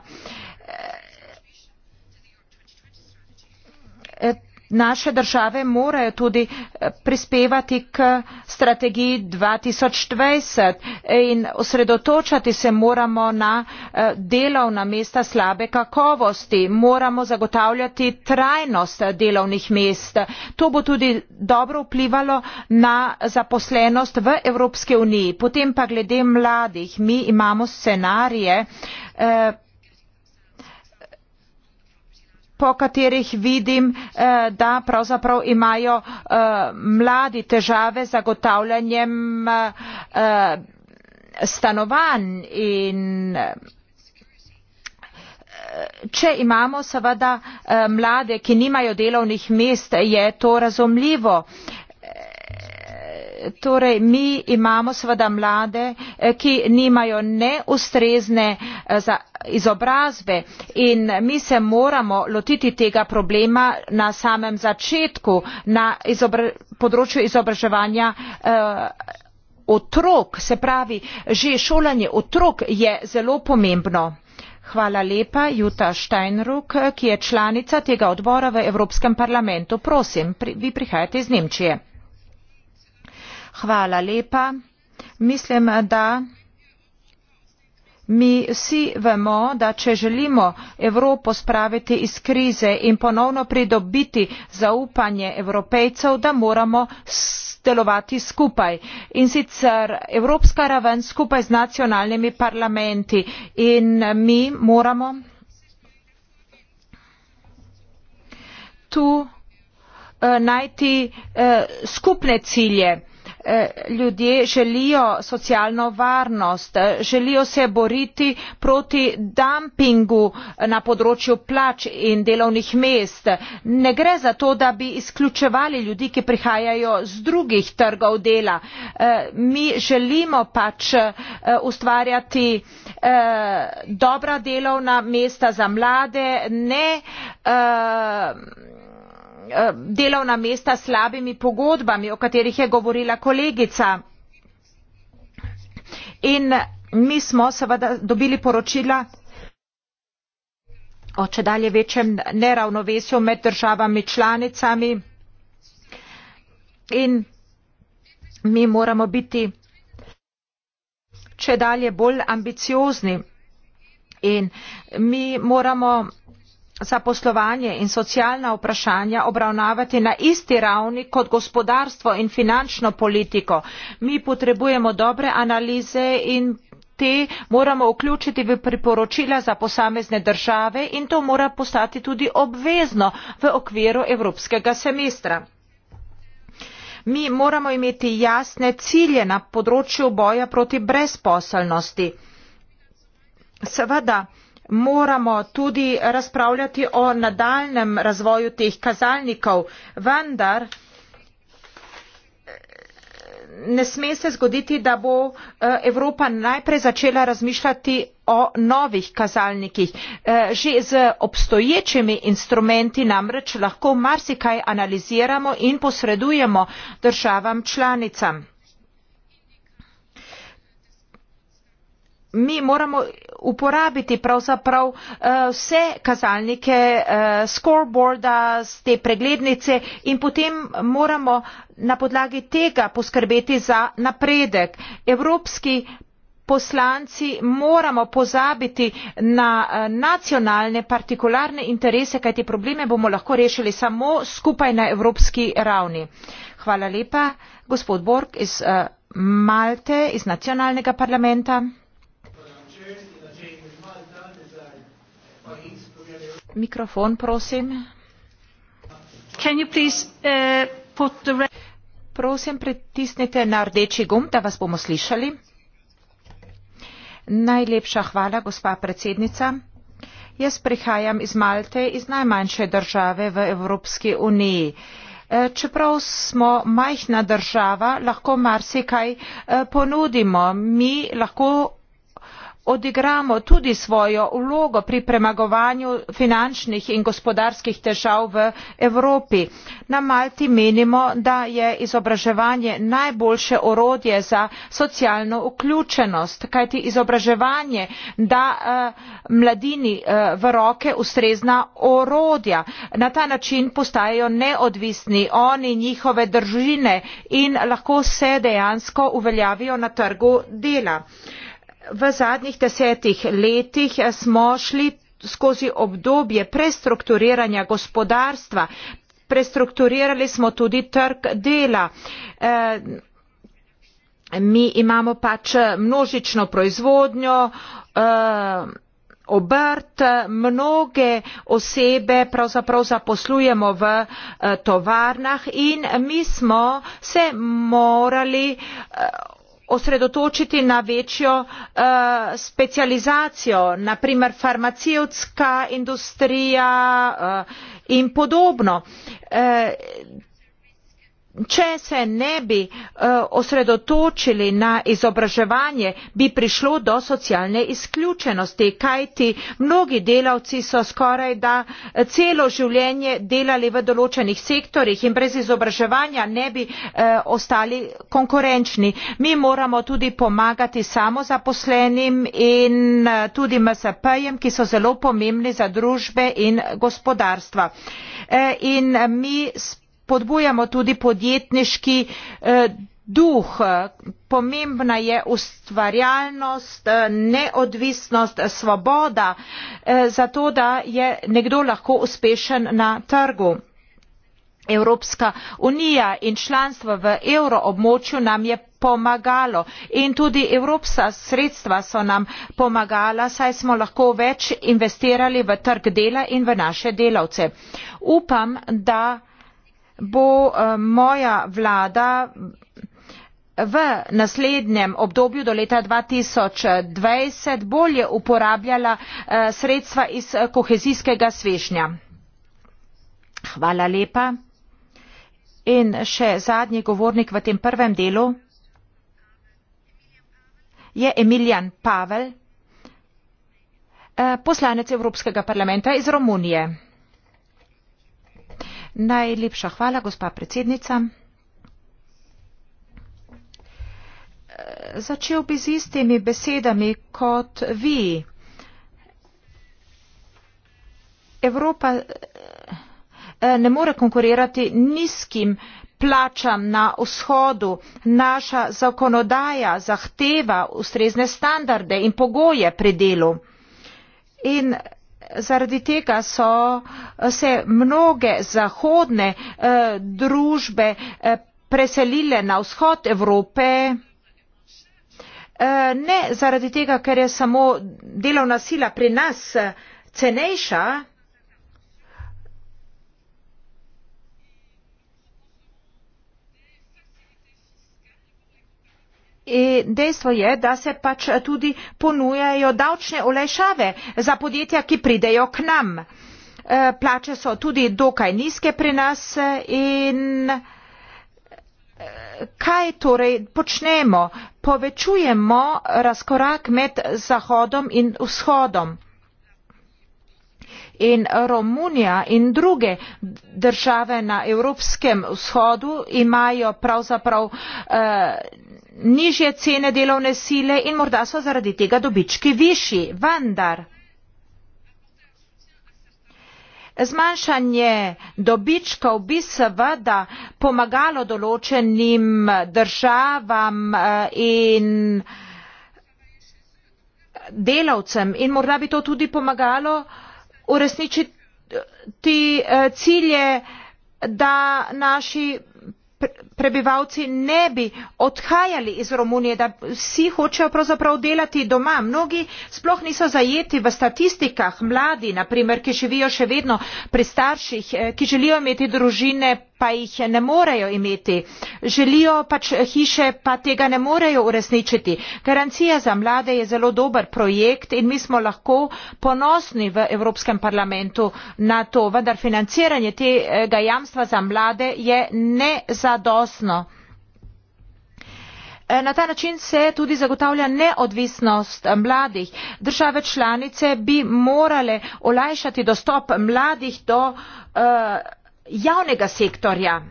Eh, naše države morajo tudi eh, prispevati k strategiji 2020 in osredotočati se moramo na eh, delovna mesta slabe kakovosti. Moramo zagotavljati trajnost eh, delovnih mest. To bo tudi dobro vplivalo na zaposlenost v Evropski uniji. Potem pa glede mladih. Mi imamo scenarije, po katerih vidim eh, da pravzaprav imajo eh, mladi težave z zagotavljanjem eh, stanovanj in če imamo seveda mlade ki nimajo delovnih mest je to razumljivo torej mi imamo seveda mlade, eh, ki nimajo neustrezne eh, izobrazbe in mi se moramo lotiti tega problema na samem začetku, na izobra področju izobraževanja eh, otrok. Se pravi, že šolanje otrok je zelo pomembno. Hvala lepa, Juta Steinruk, ki je članica tega odbora v Evropskem parlamentu. Prosim, pri, vi prihajate iz Nemčije. Hvala lepa. Mislim, da mi vsi vemo, da če želimo Evropo spraviti iz krize in ponovno pridobiti zaupanje evropejcev, da moramo delovati skupaj. In sicer evropska raven skupaj z nacionalnimi parlamenti in mi moramo tu eh, najti eh, skupne cilje. Eh, ljudje želijo socialno varnost eh, želijo se boriti proti dampingu eh, na področju plač in delovnih mest ne gre za to da bi izključevali ljudi ki prihajajo z drugih trgov dela mi želimo pač ustvarjati dobra delovna mesta za mlade ne Eh, delovna mesta s slabimi pogodbami o katerih je govorila kolegica in mi smo seveda dobili poročila o čedalje večjem neravnovesju med državami članicami in mi moramo biti čedalje bolj ambiciozni in mi moramo zaposlovanje in socialna vprašanja obravnavati na isti ravni kot gospodarstvo in finančno politiko mi potrebujemo dobre analize in te moramo vključiti v priporočila za posamezne države in to mora postati tudi obvezno v okviru evropskega semestra mi moramo imeti jasne cilje na področju boja proti brezposelnosti seveda moramo tudi razpravljati o nadaljnjem razvoju teh kazalnikov vendar eh, ne sme se zgoditi da bo eh, evropa najprej začela razmišljati o novih kazalnikih eh, že z obstoječimi instrumenti namreč lahko marsikaj analiziramo in posredujemo državam članicam. mi moramo uporabiti pravzaprav eh, vse kazalnike eh, scoreboarda, te preglednice in potem moramo na podlagi tega poskrbeti za napredek. Evropski poslanci moramo pozabiti na eh, nacionalne, partikularne interese, kajti probleme bomo lahko rešili samo skupaj na evropski ravni. Hvala lepa, gospod Borg iz Malte, iz nacionalnega parlamenta. mikrofon prosim. Uh, prosim, pritisnite na rdeči gum, da vas bomo slišali. Najlepša hvala, gospa predsednica. Jaz prihajam iz Malte, iz najmanjše države v Evropski uniji. E, čeprav smo majhna država, lahko marsikaj e, ponudimo. Mi lahko odigramo tudi svojo vlogo pri premagovanju finančnih in gospodarskih težav v evropi. na malti menimo da je izobraževanje najboljše orodje za socialno vključenost kajti izobraževanje da eh, mladini eh, v roke ustrezna orodja na ta način postajajo neodvisni oni njihove družine in lahko se dejansko uveljavijo na trgu dela v zadnjih desetih letih smo šli skozi obdobje prestrukturiranja gospodarstva prestrukturirali smo tudi trg dela eh, mi imamo pač množično proizvodnjo eh, obrt mnoge osebe pravzaprav zaposlujemo v eh, tovarnah in mi smo se morali osredotočiti na večjo eh, specializacijo na primer farmacevtska industrija eh, in podobno. Eh, če se ne bi eh, osredotočili na izobraževanje bi prišlo do socialne izključenosti kajti mnogi delavci so skoraj da eh, celo življenje delali v določenih sektorjih in brez izobraževanja ne bi eh, ostali konkurenčni mi moramo tudi pomagati samozaposlenim in tudi msp-jem ki so zelo pomembni za družbe in gospodarstva in mi podbujamo tudi podjetniški eh, duh pomembna je ustvarjalnost eh, neodvisnost svoboda eh, zato da je nekdo lahko uspešen na trgu. Evropska unija in članstvo v evroobmočju nam je pomagalo in tudi evropska sredstva so nam pomagala, saj smo lahko več investirali v trg dela in v naše delavce. Upam, da bo eh, moja vlada v naslednjem obdobju do leta 2020 bolje uporabljala eh, sredstva iz eh, kohezijskega svežnja. Hvala lepa. In še zadnji govornik v tem prvem delu je Emilijan Pavel, poslanec Evropskega parlamenta iz Romunije. Najlepša hvala, gospa predsednica. Začel bi z istimi besedami kot vi. Evropa eh, ne more konkurirati nizkim plačam na vzhodu. Naša zakonodaja zahteva ustrezne standarde in pogoje pri delu. In zaradi tega so eh, se mnoge zahodne eh, družbe eh, preselile na vzhod Evrope. Ne zaradi tega, ker je samo delovna sila pri nas cenejša, in e dejstvo je da se pač tudi ponujajo davčne olajšave za podjetja ki pridejo k nam e, plače so tudi dokaj nizke pri nas in e, kaj torej počnemo povečujemo razkorak med zahodom in vzhodom in Romunija in druge države na evropskem vzhodu imajo pravzaprav eh, nižje cene delovne sile in morda so zaradi tega dobički višji. Vendar zmanjšanje dobičkov bi seveda pomagalo določenim državam eh, in delavcem in morda bi to tudi pomagalo uresničiti eh, cilje, da naši prebivalci ne bi odhajali iz romunije da vsi hočejo pravzaprav delati doma mnogi sploh niso zajeti v statistikah mladi na primer ki živijo še vedno pri starših eh, ki želijo imeti družine pa jih ne morejo imeti želijo pač hiše pa tega ne morejo uresničiti. garancija za mlade je zelo dober projekt in mi smo lahko ponosni v evropskem parlamentu na to vendar financiranje tega jamstva za mlade je nezadostno. E, na ta način se tudi zagotavlja neodvisnost mladih. Države članice bi morale olajšati dostop mladih do uh, javnega sektorja.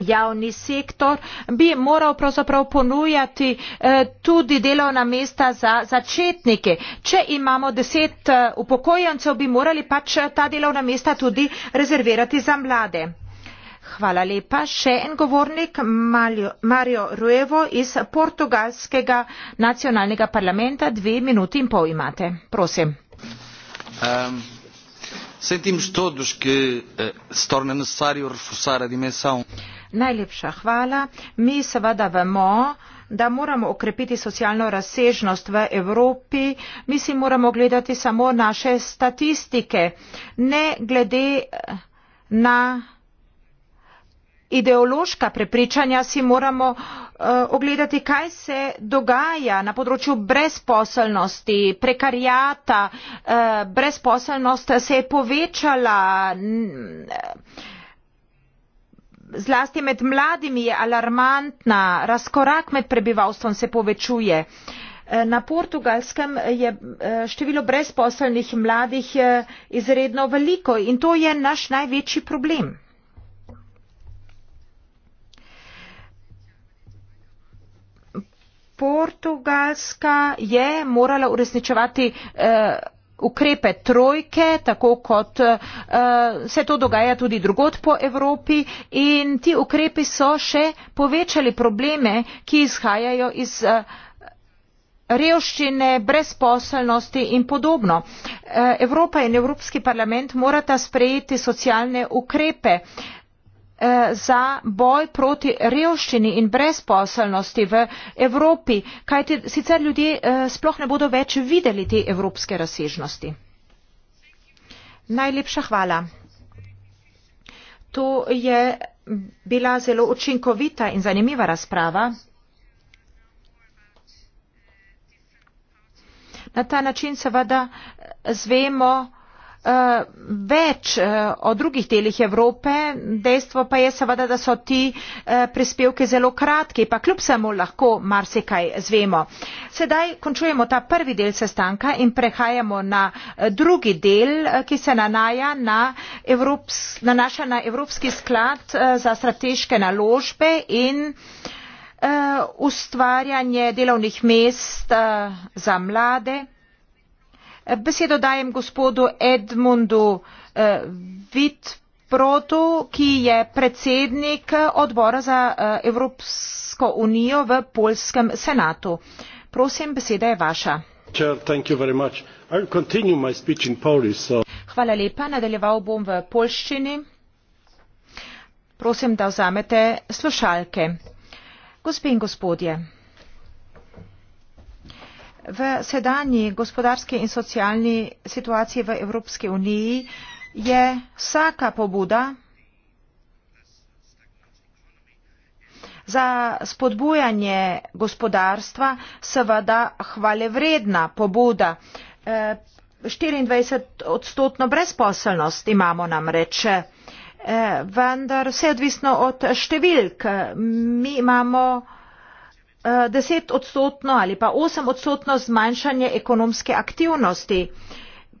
Javni sektor bi moral pravzaprav ponujati eh, tudi delovna mesta za začetnike. Če imamo deset eh, upokojencev, bi morali pač eh, ta delovna mesta tudi rezervirati za mlade. Hvala lepa. Še en govornik, Mario Ruevo iz portugalskega nacionalnega parlamenta. Dve minuti in pol imate. Prosim. Um sentimos todos que eh, se torna necessário reforçar a dimensão. Najlepša hvala. Mi seveda vemo, da moramo okrepiti socialno razsežnost v Evropi. Mi si moramo gledati samo naše statistike, ne glede eh, na ideološka prepričanja si moramo uh, ogledati, kaj se dogaja na področju brezposelnosti, prekarijata. Uh, eh, brezposelnost se je povečala. Mm, zlasti med mladimi je alarmantna, razkorak med prebivalstvom se povečuje. Eh, na portugalskem je število brezposelnih mladih izredno veliko in to je naš največji problem. Portugalska je morala uresničevati uh, ukrepe trojke, tako kot uh, se to dogaja tudi drugot po Evropi in ti ukrepi so še povečali probleme, ki izhajajo iz uh, revščine, brezposelnosti in podobno. Evropa in Evropski parlament morata sprejeti socialne ukrepe. Uh, Eh, za boj proti revščini in brezposelnosti v Evropi, kajti sicer ljudje eh, sploh ne bodo več videli te evropske razsežnosti. Najlepša hvala. To je bila zelo učinkovita in zanimiva razprava. Na ta način seveda zvemo, Eh, več eh, o drugih delih Evrope, dejstvo pa je seveda, da so ti eh, prispevki zelo kratki, pa kljub samo lahko marsikaj zvemo. Sedaj končujemo ta prvi del sestanka in prehajamo na drugi del, ki se nanaja na, Evrops, nanaša na Evropski sklad za strateške naložbe in ustvarjanje delovnih mest za mlade. Besedo dajem gospodu Edmundu eh, Vitprotu, ki je predsednik odbora za eh, Evropsko unijo v Poljskem senatu. Prosim, beseda je vaša. Hvala lepa, nadaljeval bom v polščini. Prosim, da vzamete slušalke. Gospe in gospodje, V sedanji gospodarski in socialni situaciji v Evropski uniji je vsaka pobuda za spodbujanje gospodarstva seveda hvalevredna pobuda. 24 e, odstotno brezposelnost imamo namreč, e, vendar vse odvisno od številk. Mi imamo Eh, desetodstotno ali pa osemodstotno zmanjšanje ekonomske aktivnosti.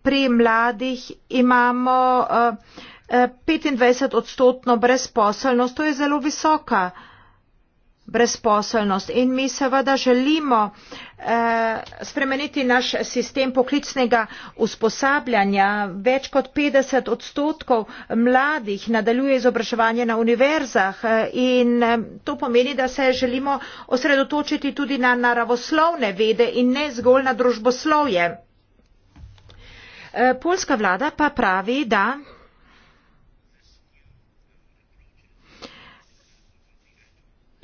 Pri mladih imamo eh, eh, petindvajset odstotno brezposelnost, to je zelo visoka brezposelnost. In mi seveda želimo eh, spremeniti naš sistem poklicnega usposabljanja. Več kot 50 odstotkov mladih nadaljuje izobraževanje na univerzah eh, in eh, to pomeni, da se želimo osredotočiti tudi na naravoslovne vede in ne zgolj na družboslovje. Eh, polska vlada pa pravi, da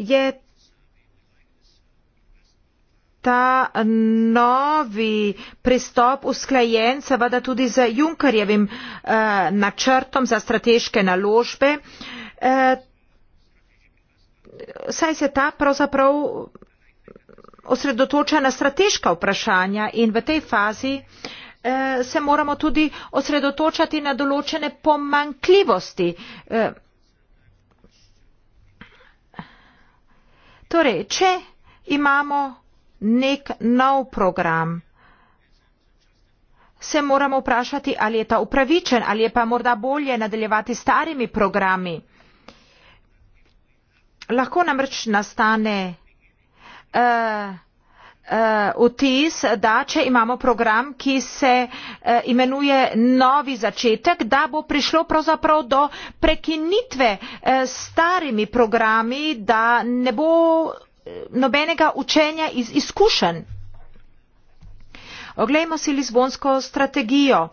je ta novi pristop usklajen seveda tudi z Junkerjevim eh, načrtom za strateške naložbe. Eh, saj se ta pravzaprav osredotoča na strateška vprašanja in v tej fazi eh, se moramo tudi osredotočati na določene pomankljivosti. Eh, Torej, če imamo nek nov program, se moramo vprašati, ali je ta upravičen, ali je pa morda bolje nadaljevati starimi programi. Lahko namreč nastane uh, Eh, vtis da če imamo program ki se eh, imenuje novi začetek da bo prišlo pravzaprav do prekinitve eh, s starimi programi da ne bo nobenega učenja iz izkušenj. oglejmo si lizbonsko strategijo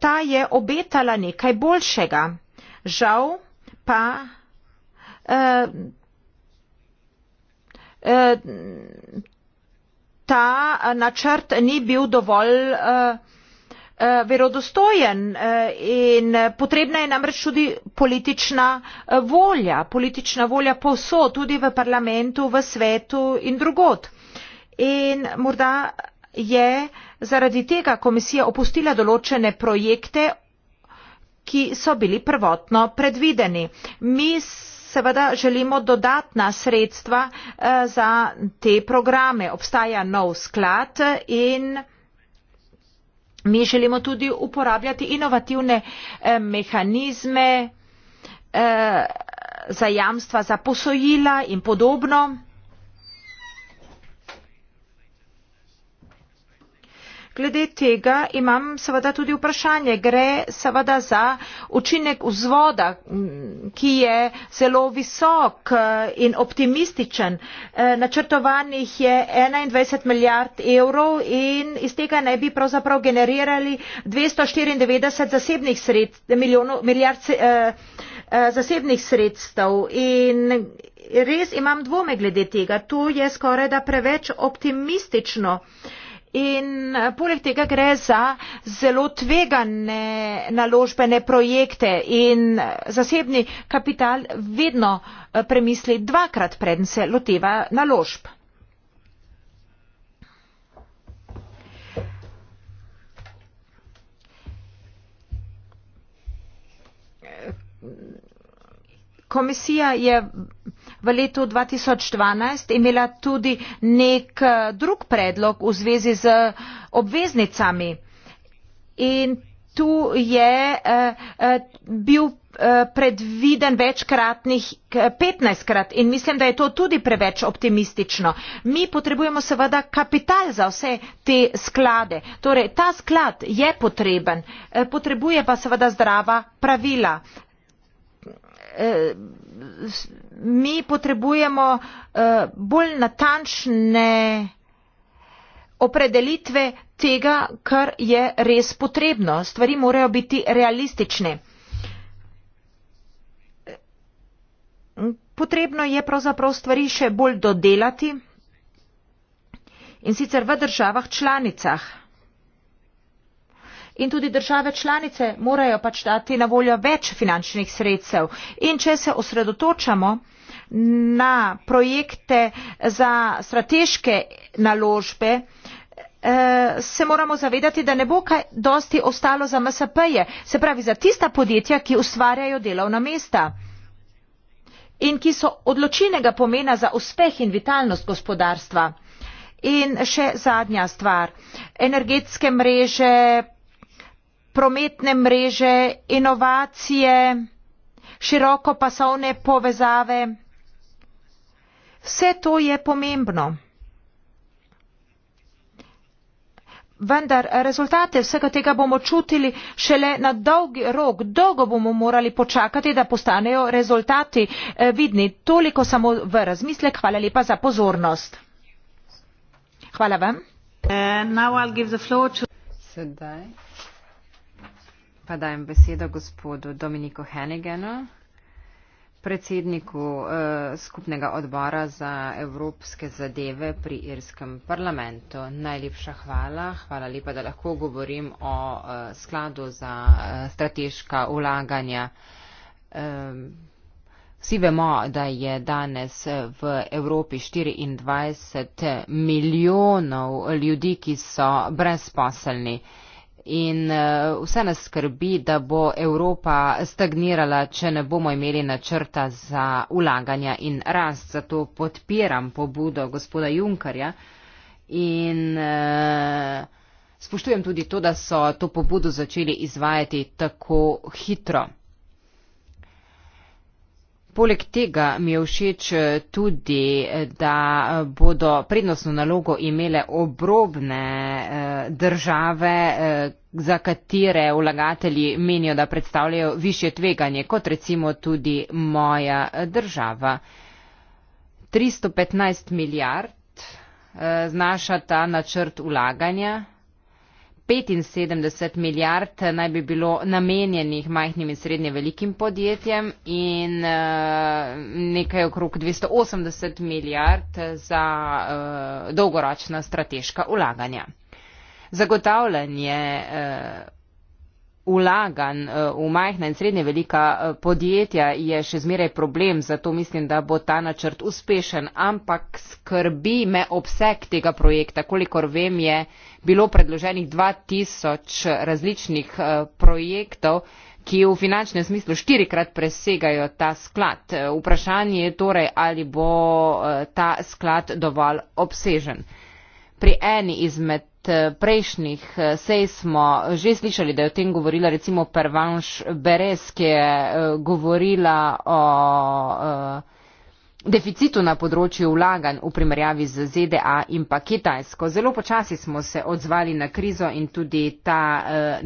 ta je obetala nekaj boljšega žal pa eh, ta eh, načrt ni bil dovolj eh, eh, verodostojen in potrebna je namreč tudi politična volja politična volja povsod tudi v parlamentu v svetu in drugod in morda je zaradi tega komisija opustila določene projekte ki so bili prvotno predvideni mi seveda želimo dodatna sredstva eh, za te programe. Obstaja nov sklad in mi želimo tudi uporabljati inovativne eh, mehanizme eh, za jamstva, za posojila in podobno. Glede tega imam seveda tudi vprašanje. Gre seveda za učinek vzvoda, ki je zelo visok eh, in optimističen. Eh, načrtovanih je 21 milijard evrov in iz tega ne bi pravzaprav generirali 294 zasebnih sredstev, milijard eh, zasebnih sredstev. In res imam dvome glede tega. To je skoraj da preveč optimistično. In eh, poleg tega gre za zelo tvegane naložbene projekte in eh, zasebni kapital vedno eh, premisli dvakrat, preden se loteva naložb. Komisija je v letu dva tisoč dvanajst imela tudi nek eh, drug predlog v zvezi z eh, obveznicami in tu je eh, bil predviden večkratnih petnajstkrat in mislim da je to tudi preveč optimistično mi potrebujemo seveda kapital za vse te sklade torej ta sklad je potreben potrebuje pa seveda zdrava pravila eh, mi potrebujemo eh, bolj natančne opredelitve tega, kar je res potrebno. Stvari morajo biti realistične. Potrebno je pravzaprav stvari še bolj dodelati in sicer v državah članicah in tudi države članice morajo pač dati na voljo več finančnih sredstev. In če se osredotočamo na projekte za strateške naložbe, eh, se moramo zavedati, da ne bo kaj dosti ostalo za MSP-je, se pravi za tista podjetja, ki ustvarjajo delovna mesta in ki so odločinega pomena za uspeh in vitalnost gospodarstva. In še zadnja stvar. Energetske mreže, prometne mreže, inovacije, širokopasovne povezave. Vse to je pomembno. Vendar rezultate vsega tega bomo čutili šele na dolgi rok. Dolgo bomo morali počakati, da postanejo rezultati eh, vidni. Toliko samo v razmislek. Hvala lepa za pozornost. Hvala vam. Uh, now I'll give the floor to... Sedaj pa dajem besedo gospodu Dominiku Hennigenu, predsedniku uh, skupnega odbora za evropske zadeve pri Irskem parlamentu. Najlepša hvala, hvala lepa, da lahko govorim o uh, skladu za uh, strateška ulaganja. Um, Vsi vemo, da je danes v Evropi 24 milijonov ljudi, ki so brezposelni. Uh, in eh, vse nas skrbi, da bo Evropa stagnirala, če ne bomo imeli načrta za ulaganja in rast. Zato podpiram pobudo gospoda Junkarja in eh, spoštujem tudi to, da so to pobudo začeli izvajati tako hitro. Poleg tega mi je všeč eh, tudi, eh, da eh, bodo prednostno nalogo imele obrobne države, za katere vlagatelji menijo, da predstavljajo više tveganje, kot recimo tudi moja država. 315 milijard znaša ta načrt vlaganja. 75 milijard naj bi bilo namenjenih majhnim in srednje velikim podjetjem in eh, nekaj okrog 280 milijard za eh, dolgoročna strateška ulaganja. Zagotavljanje eh, vlaganj eh, v majhna in srednje velika eh, podjetja je še zmeraj problem, zato mislim, da bo ta načrt uspešen, ampak skrbi me obseg tega projekta. Kolikor vem, je bilo predloženih 2000 različnih eh, projektov, ki v finančnem smislu štirikrat presegajo ta sklad. Vprašanje je torej, ali bo ta sklad dovolj obsežen pri eni izmed eh, prejšnjih eh, sej smo že slišali, da je o tem govorila recimo Pervanš Beres, ki je eh, govorila o deficitu na področju vlaganj v primerjavi z ZDA in pa Kitajsko. Zelo počasi smo se odzvali na krizo in tudi ta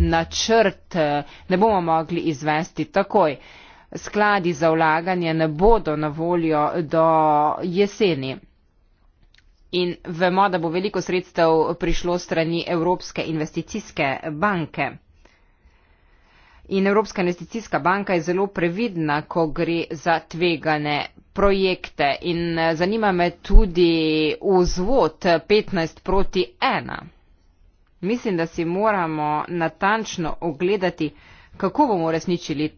načrt ne bomo mogli izvesti takoj. Skladi za vlaganje ne bodo na voljo do jeseni. In vemo, da bo veliko sredstev prišlo strani Evropske investicijske banke. In Evropska investicijska banka je zelo previdna, ko gre za tvegane projekte. In eh, zanima me tudi vzvod 15 proti 1. Mislim, da si moramo natančno ogledati, kako bomo resničili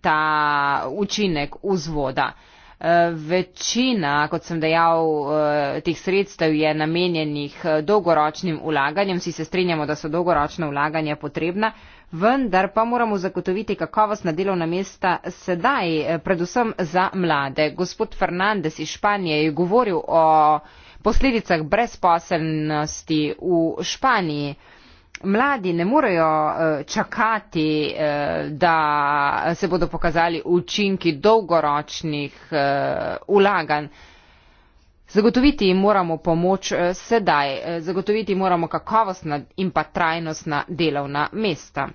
ta učinek vzvoda. Eh, večina, kot sem dejal, eh, teh sredstev je namenjenih eh, dolgoročnim ulaganjem, vsi se strinjamo, da so dolgoročna ulaganja potrebna, vendar pa moramo zagotoviti kakovostna delovna mesta sedaj, predvsem za mlade. Gospod Fernandez iz Španije je govoril o posledicah brezposelnosti v Španiji mladi ne morejo eh, čakati, eh, da se bodo pokazali učinki dolgoročnih eh, ulaganj. Zagotoviti jim moramo pomoč sedaj, zagotoviti moramo kakovostna in pa trajnostna delovna mesta.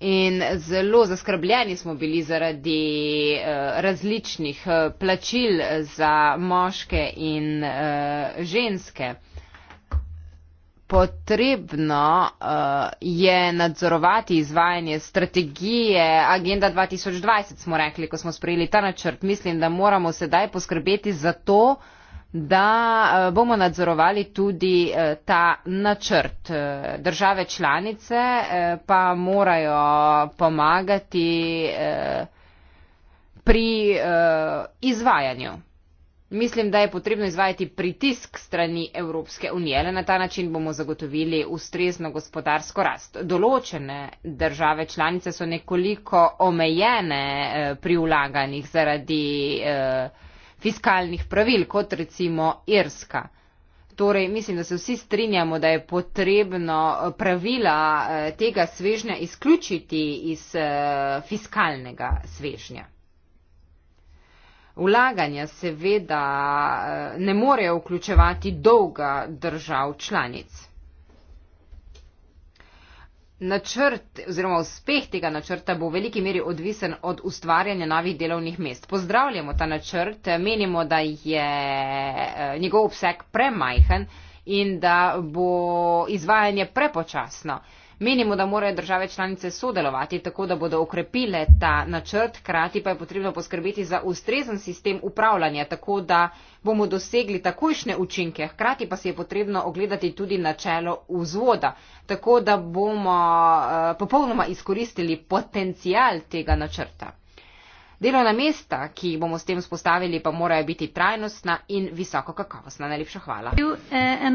In zelo zaskrbljeni smo bili zaradi eh, različnih eh, plačil za moške in eh, ženske. Potrebno je nadzorovati izvajanje strategije Agenda 2020, smo rekli, ko smo sprejeli ta načrt. Mislim, da moramo sedaj poskrbeti za to, da eh, bomo nadzorovali tudi eh, ta načrt. Eh, države članice pa morajo pomagati pri izvajanju. Mislim, da je potrebno izvajati pritisk strani Evropske unije. Le na ta način bomo zagotovili ustrezno gospodarsko rast. Določene države članice so nekoliko omejene pri vlaganjih zaradi eh, fiskalnih pravil, kot recimo Irska. Torej, mislim, da se vsi strinjamo, da je potrebno eh, pravila eh, tega svežnja izključiti iz eh, fiskalnega svežnja. Vlaganja seveda ne morejo vključevati dolga držav članic. Načrt oziroma uspeh tega načrta bo v veliki meri odvisen od ustvarjanja novih delovnih mest. Pozdravljamo ta načrt, menimo, da je e, njegov obseg premajhen in da bo izvajanje prepočasno. Menimo, da morajo države članice sodelovati, tako da bodo ukrepile ta načrt, krati pa je potrebno poskrbeti za ustrezen sistem upravljanja, tako da bomo dosegli takojšne učinke. Hkrati pa se je potrebno ogledati tudi načelo vzvoda, tako da bomo eh, popolnoma izkoristili potencijal tega načrta. Delovna mesta, ki jih bomo s tem spostavili, pa morajo biti trajnostna in visoko kakovostna. Najlepša hvala. Eh,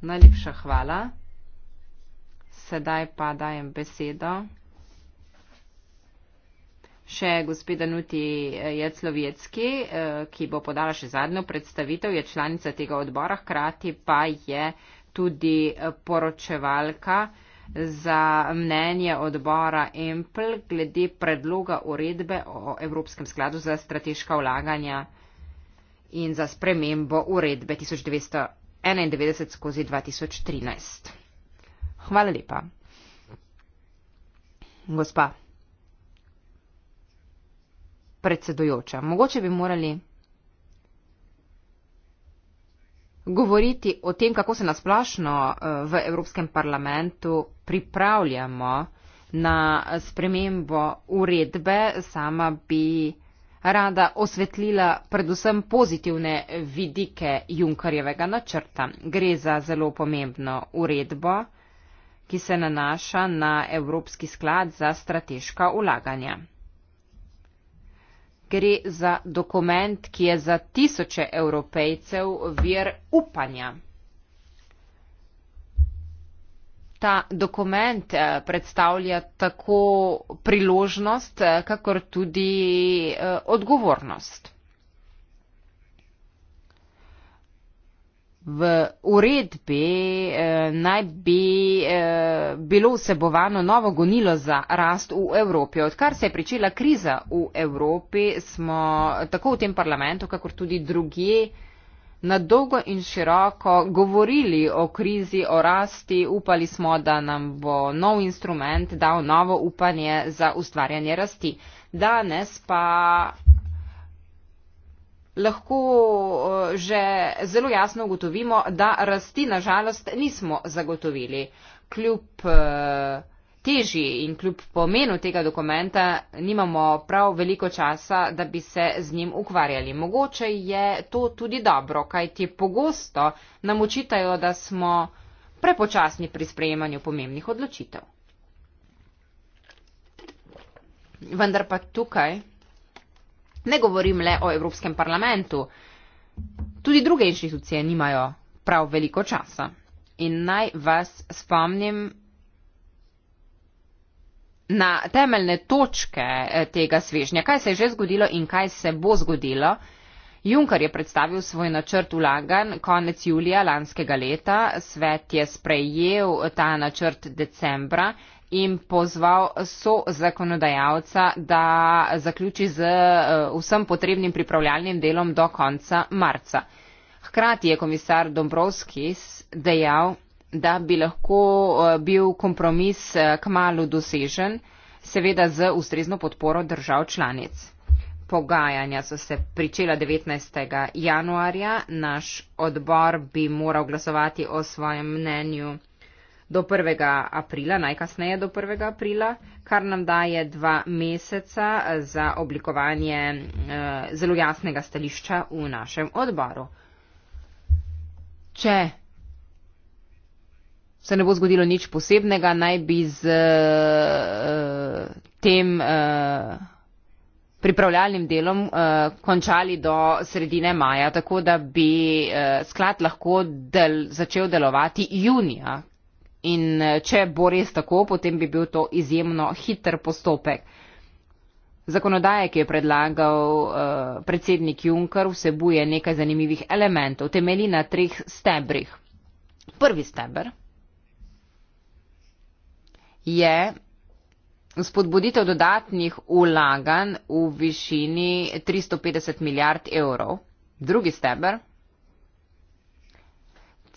Najlepša hvala. Sedaj pa dajem besedo. Še gospod Danuti Jeclovjecki, eh, ki bo podala še zadnjo predstavitev, je članica tega odbora, hkrati pa je tudi eh, poročevalka za mnenje odbora EMPL glede predloga uredbe o Evropskem skladu za strateška vlaganja in za spremembo uredbe 1991 skozi 2013. Hvala lepa. Gospa. Predsedujoča, mogoče bi morali govoriti o tem, kako se nasplašno eh, v Evropskem parlamentu pripravljamo na spremembo uredbe. Sama bi rada osvetlila predvsem pozitivne vidike Junkarjevega načrta. Gre za zelo pomembno uredbo ki se nanaša na Evropski sklad za strateška ulaganja. Gre za dokument, ki je za tisoče evropejcev vir upanja. Ta dokument eh, predstavlja tako priložnost, eh, kakor tudi eh, odgovornost. V uredbi eh, naj bi eh, bilo vsebovano novo gonilo za rast v Evropi. Odkar se je pričela kriza v Evropi, smo tako v tem parlamentu, kakor tudi drugje, na dolgo in široko govorili o krizi, o rasti. Upali smo, da nam bo nov instrument dal novo upanje za ustvarjanje rasti. Danes pa lahko eh, že zelo jasno ugotovimo, da rasti nažalost nismo zagotovili. Kljub eh, teži in kljub pomenu tega dokumenta nimamo prav veliko časa, da bi se z njim ukvarjali. Mogoče je to tudi dobro, kajti pogosto nam očitajo, da smo prepočasni pri sprejemanju pomembnih odločitev. Vendar pa tukaj. Ne govorim le o Evropskem parlamentu, tudi druge inštitucije nimajo prav veliko časa. In naj vas spomnim na temeljne točke eh, tega svežnja, kaj se je že zgodilo in kaj se bo zgodilo. Junker je predstavil svoj načrt vlagan konec julija lanskega leta, svet je sprejel ta načrt decembra, in pozval so zakonodajalca, da zaključi z eh, vsem potrebnim pripravljalnim delom do konca marca. Hkrati je komisar Dombrovskis dejal, da bi lahko eh, bil kompromis eh, k malu dosežen, seveda z ustrezno podporo držav članic. Pogajanja so se pričela 19. januarja. Naš odbor bi moral glasovati o svojem mnenju do 1. aprila, najkasneje do 1. aprila, kar nam daje dva meseca za oblikovanje eh, zelo jasnega stališča v našem odboru. Če se ne bo zgodilo nič posebnega, naj bi z eh, tem eh, pripravljalnim delom eh, končali do sredine maja, tako da bi eh, sklad lahko del, začel delovati junija, In eh, če bo res tako, potem bi bil to izjemno hiter postopek. Zakonodaja, ki je predlagal uh, predsednik Juncker, vsebuje nekaj zanimivih elementov. Temeli na treh stebrih. Prvi stebr je spodbuditev dodatnih ulagan v višini 350 milijard evrov. Drugi stebr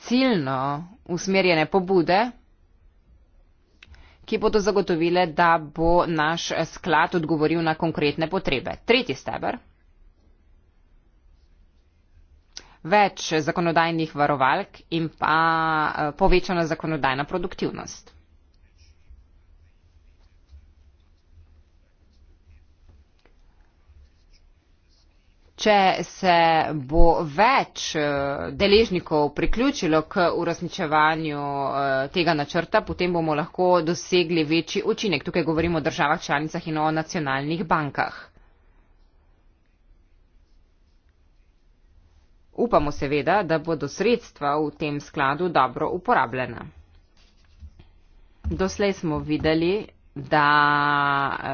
ciljno usmerjene pobude, ki bodo zagotovile, da bo naš sklad odgovoril na konkretne potrebe. Tretji stebr. Več zakonodajnih varovalk in pa eh, povečana zakonodajna produktivnost. če se bo več eh, deležnikov priključilo k uresničevanju eh, tega načrta, potem bomo lahko dosegli večji učinek. Tukaj govorimo o državah članicah in o nacionalnih bankah. Upamo seveda, da bodo sredstva v tem skladu dobro uporabljena. Doslej smo videli, da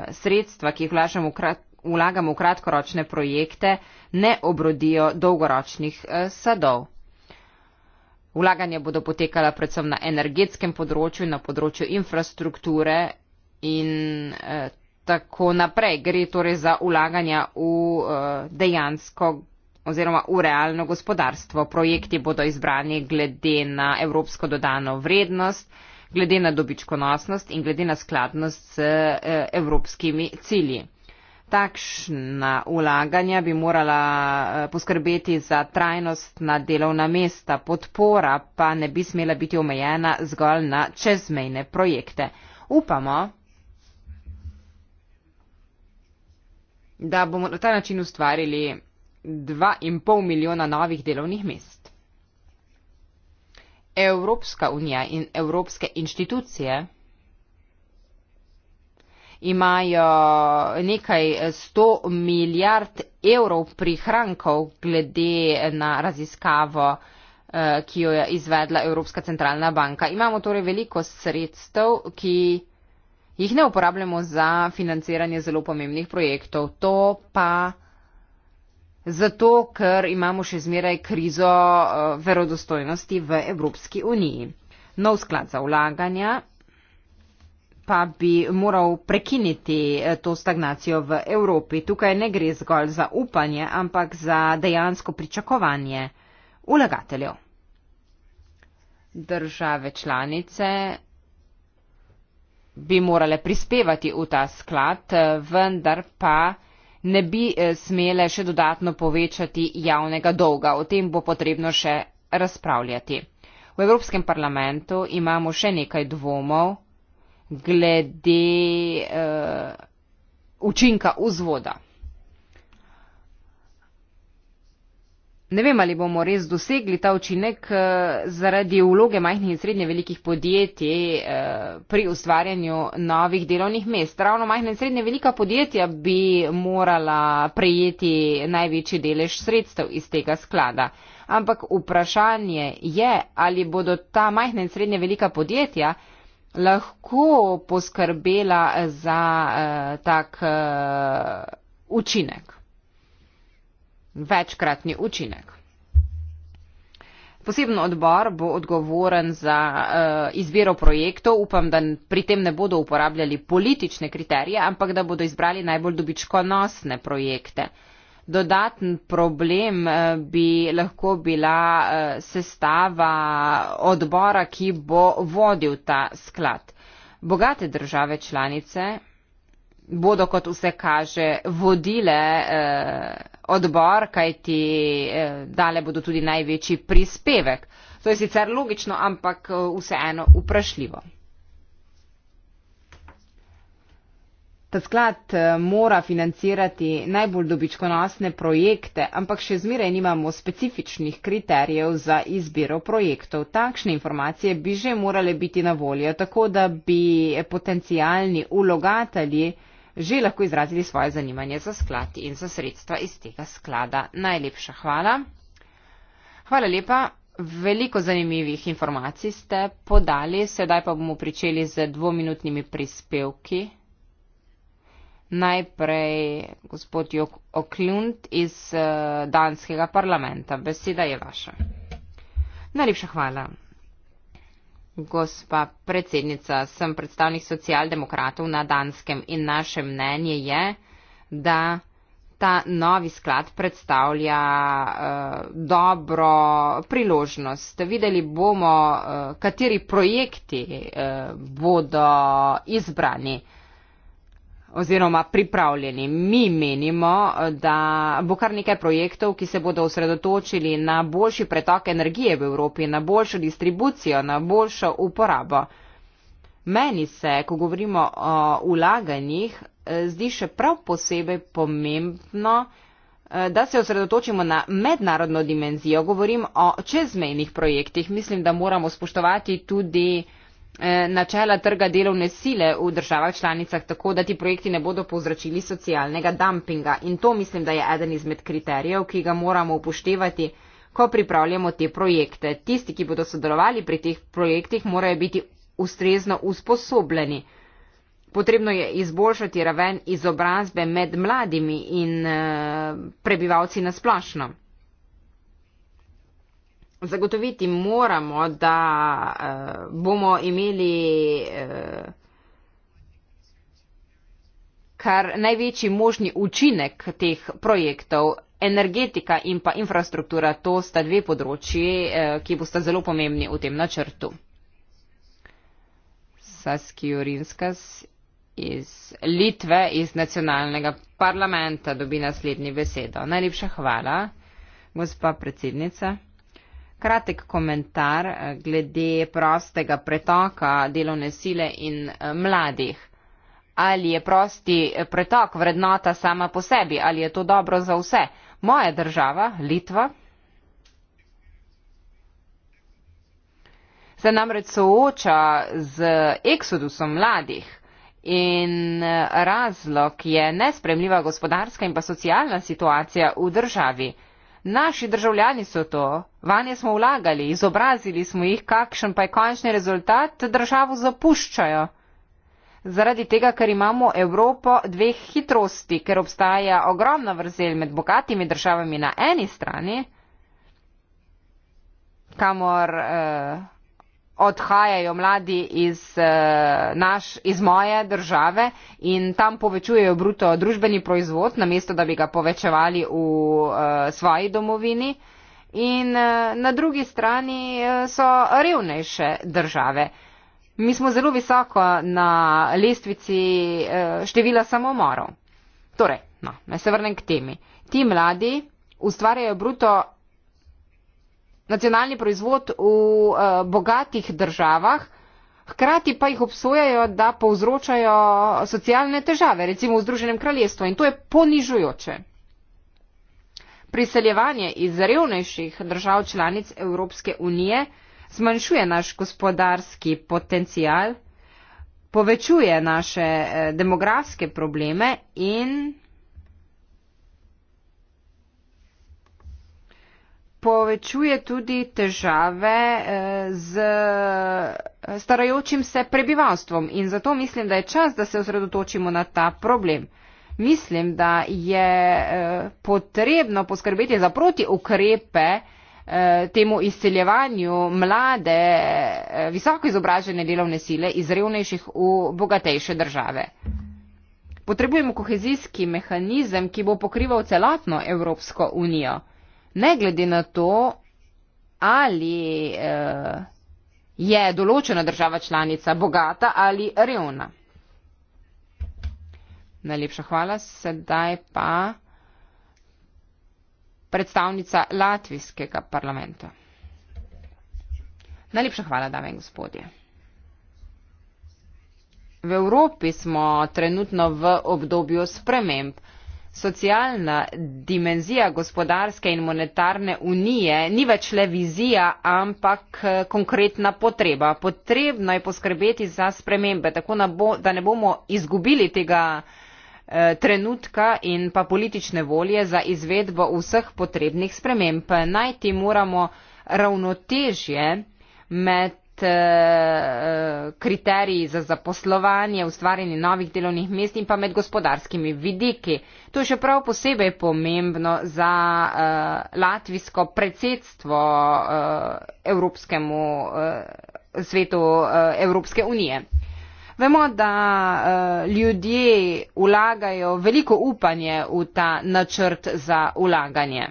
eh, sredstva, ki jih vlažemo v kratko, vlagamo v kratkoročne projekte, ne obrodijo dolgoročnih eh, sadov. Vlaganja bodo potekala predvsem na energetskem področju, na področju infrastrukture in eh, tako naprej. Gre torej za vlaganja v eh, dejansko oziroma v realno gospodarstvo. Projekti bodo izbrani glede na evropsko dodano vrednost, glede na dobičkonosnost in glede na skladnost z evropskimi cilji takšna ulaganja bi morala eh, poskrbeti za trajnost na delovna mesta, podpora pa ne bi smela biti omejena zgolj na čezmejne projekte. Upamo, da bomo na ta način ustvarili 2,5 milijona novih delovnih mest. Evropska unija in evropske inštitucije imajo nekaj 100 milijard evrov prihrankov glede na raziskavo, eh, ki jo je izvedla Evropska centralna banka. Imamo torej veliko sredstev, ki jih ne uporabljamo za financiranje zelo pomembnih projektov. To pa zato, ker imamo še zmeraj krizo eh, verodostojnosti v Evropski uniji. Nov sklad za vlaganja pa bi moral prekiniti eh, to stagnacijo v Evropi. Tukaj ne gre zgolj za upanje, ampak za dejansko pričakovanje ulagateljev. Države članice bi morale prispevati v ta sklad, eh, vendar pa ne bi eh, smele še dodatno povečati javnega dolga. O tem bo potrebno še razpravljati. V Evropskem parlamentu imamo še nekaj dvomov, glede uh, učinka vzvoda. Ne vem, ali bomo res dosegli ta učinek eh, zaradi vloge majhnih in srednje velikih podjetij eh, pri ustvarjanju novih delovnih mest. Ravno majhne in srednje velika podjetja bi morala prejeti največji delež sredstev iz tega sklada. Ampak vprašanje je, ali bodo ta majhne in srednje velika podjetja lahko poskrbela za eh, tak eh, učinek, večkratni učinek. Posebno odbor bo odgovoren za uh, izbiro projektov. Upam, da pri tem ne bodo uporabljali politične kriterije, ampak da bodo izbrali najbolj dobičkonosne projekte. Uh, dodaten problem eh, bi lahko bila eh, sestava odbora, ki bo vodil ta sklad. Bogate države članice bodo, kot vse kaže, vodile eh, odbor, kajti eh, dale bodo tudi največji prispevek. To je sicer logično, ampak eh, vseeno vprašljivo. Ta sklad eh, mora financirati najbolj dobičkonosne projekte, ampak še zmeraj nimamo specifičnih kriterijev za izbiro projektov. Takšne informacije bi že morale biti na voljo, tako da bi potencijalni ulogatelji že lahko izrazili svoje zanimanje za sklad in za sredstva iz tega sklada. Najlepša hvala. Hvala lepa. Veliko zanimivih informacij ste podali, sedaj pa bomo pričeli z dvominutnimi prispevki. Najprej gospod Jok Oklund iz eh, Danskega parlamenta. Beseda je vaša. Najlepša hvala. Gospa predsednica, sem predstavnik socialdemokratov na Danskem in naše mnenje je, da ta novi sklad predstavlja uh, dobro priložnost. Videli bomo, uh, kateri projekti uh, bodo izbrani. Uh, oziroma pripravljeni. Mi menimo, da bo kar nekaj projektov, ki se bodo osredotočili na boljši pretok energije v Evropi, na boljšo distribucijo, na boljšo uporabo. Meni se, ko govorimo o ulaganjih, zdi še prav posebej pomembno, da se osredotočimo na mednarodno dimenzijo. Govorim o čezmejnih projektih. Mislim, da moramo spoštovati tudi uh, Eh, načela trga delovne sile v državah članicah tako, da ti projekti ne bodo povzročili socialnega dumpinga. In to mislim, da je eden izmed kriterijev, ki ga moramo upoštevati, ko pripravljamo te projekte. Tisti, ki bodo sodelovali pri teh projektih, morajo biti ustrezno usposobljeni. Potrebno je izboljšati raven izobrazbe med mladimi in eh, prebivalci nasplošno zagotoviti moramo, da uh, bomo imeli uh, kar največji možni učinek teh projektov. Energetika in pa infrastruktura, to sta dve področji, uh, ki bosta zelo pomembni v tem načrtu. Saskij Urinskas iz Litve, iz nacionalnega parlamenta, dobi naslednji besedo. Najlepša hvala, gospa predsednica kratek komentar eh, glede prostega pretoka delovne sile in eh, mladih. Ali je prosti eh, pretok vrednota sama po sebi, ali je to dobro za vse? Moja država, Litva, se namreč sooča z eksodusom mladih. In razlog je nespremljiva gospodarska in pa socialna situacija v državi naši državljani so to, vanje smo vlagali, izobrazili smo jih, kakšen pa je končni rezultat, državo zapuščajo. Zaradi tega, ker imamo Evropo dveh hitrosti, ker obstaja ogromna vrzel med bogatimi državami na eni strani, kamor eh, odhajajo mladi iz, eh, naš, iz moje države in tam povečujejo bruto družbeni proizvod, namesto da bi ga povečevali v eh, svoji domovini. In eh, na drugi strani so revnejše države. Mi smo zelo visoko na lestvici števila samomorov. Torej, no, naj se vrnem k temi. Ti mladi ustvarjajo bruto nacionalni proizvod v eh, bogatih državah, hkrati pa jih obsojajo, da povzročajo socialne težave, recimo v Združenem kraljestvu in to je ponižujoče. Priseljevanje iz revnejših držav članic Evropske unije zmanjšuje naš gospodarski potencial, povečuje naše eh, demografske probleme in povečuje tudi težave eh, z eh, starajočim se prebivalstvom in zato mislim, da je čas, da se osredotočimo na ta problem. Mislim, da je eh, potrebno poskrbeti za proti ukrepe temu izseljevanju mlade, visoko izobražene delovne sile iz revnejših v bogatejše države. Potrebujemo kohezijski mehanizem, ki bo pokrival celotno Evropsko unijo ne glede na to, ali eh, je določena država članica bogata ali revna. Najlepša hvala. Sedaj pa predstavnica Latvijskega parlamenta. Najlepša hvala, dame in gospodje. V Evropi smo trenutno v obdobju sprememb socialna dimenzija gospodarske in monetarne unije ni več le vizija, ampak eh, konkretna potreba. Potrebno je poskrbeti za spremembe, tako da ne bomo izgubili tega eh, trenutka in pa politične volje za izvedbo vseh potrebnih sprememb. Najti moramo ravnotežje med Eh, eh, kriteriji za zaposlovanje, ustvarjanje novih delovnih mest in pa med gospodarskimi vidiki. To je še prav posebej pomembno za eh, latvijsko predsedstvo Evropskemu svetu Evropske unije. Vemo, da ljudje ulagajo veliko upanje v ta načrt za ulaganje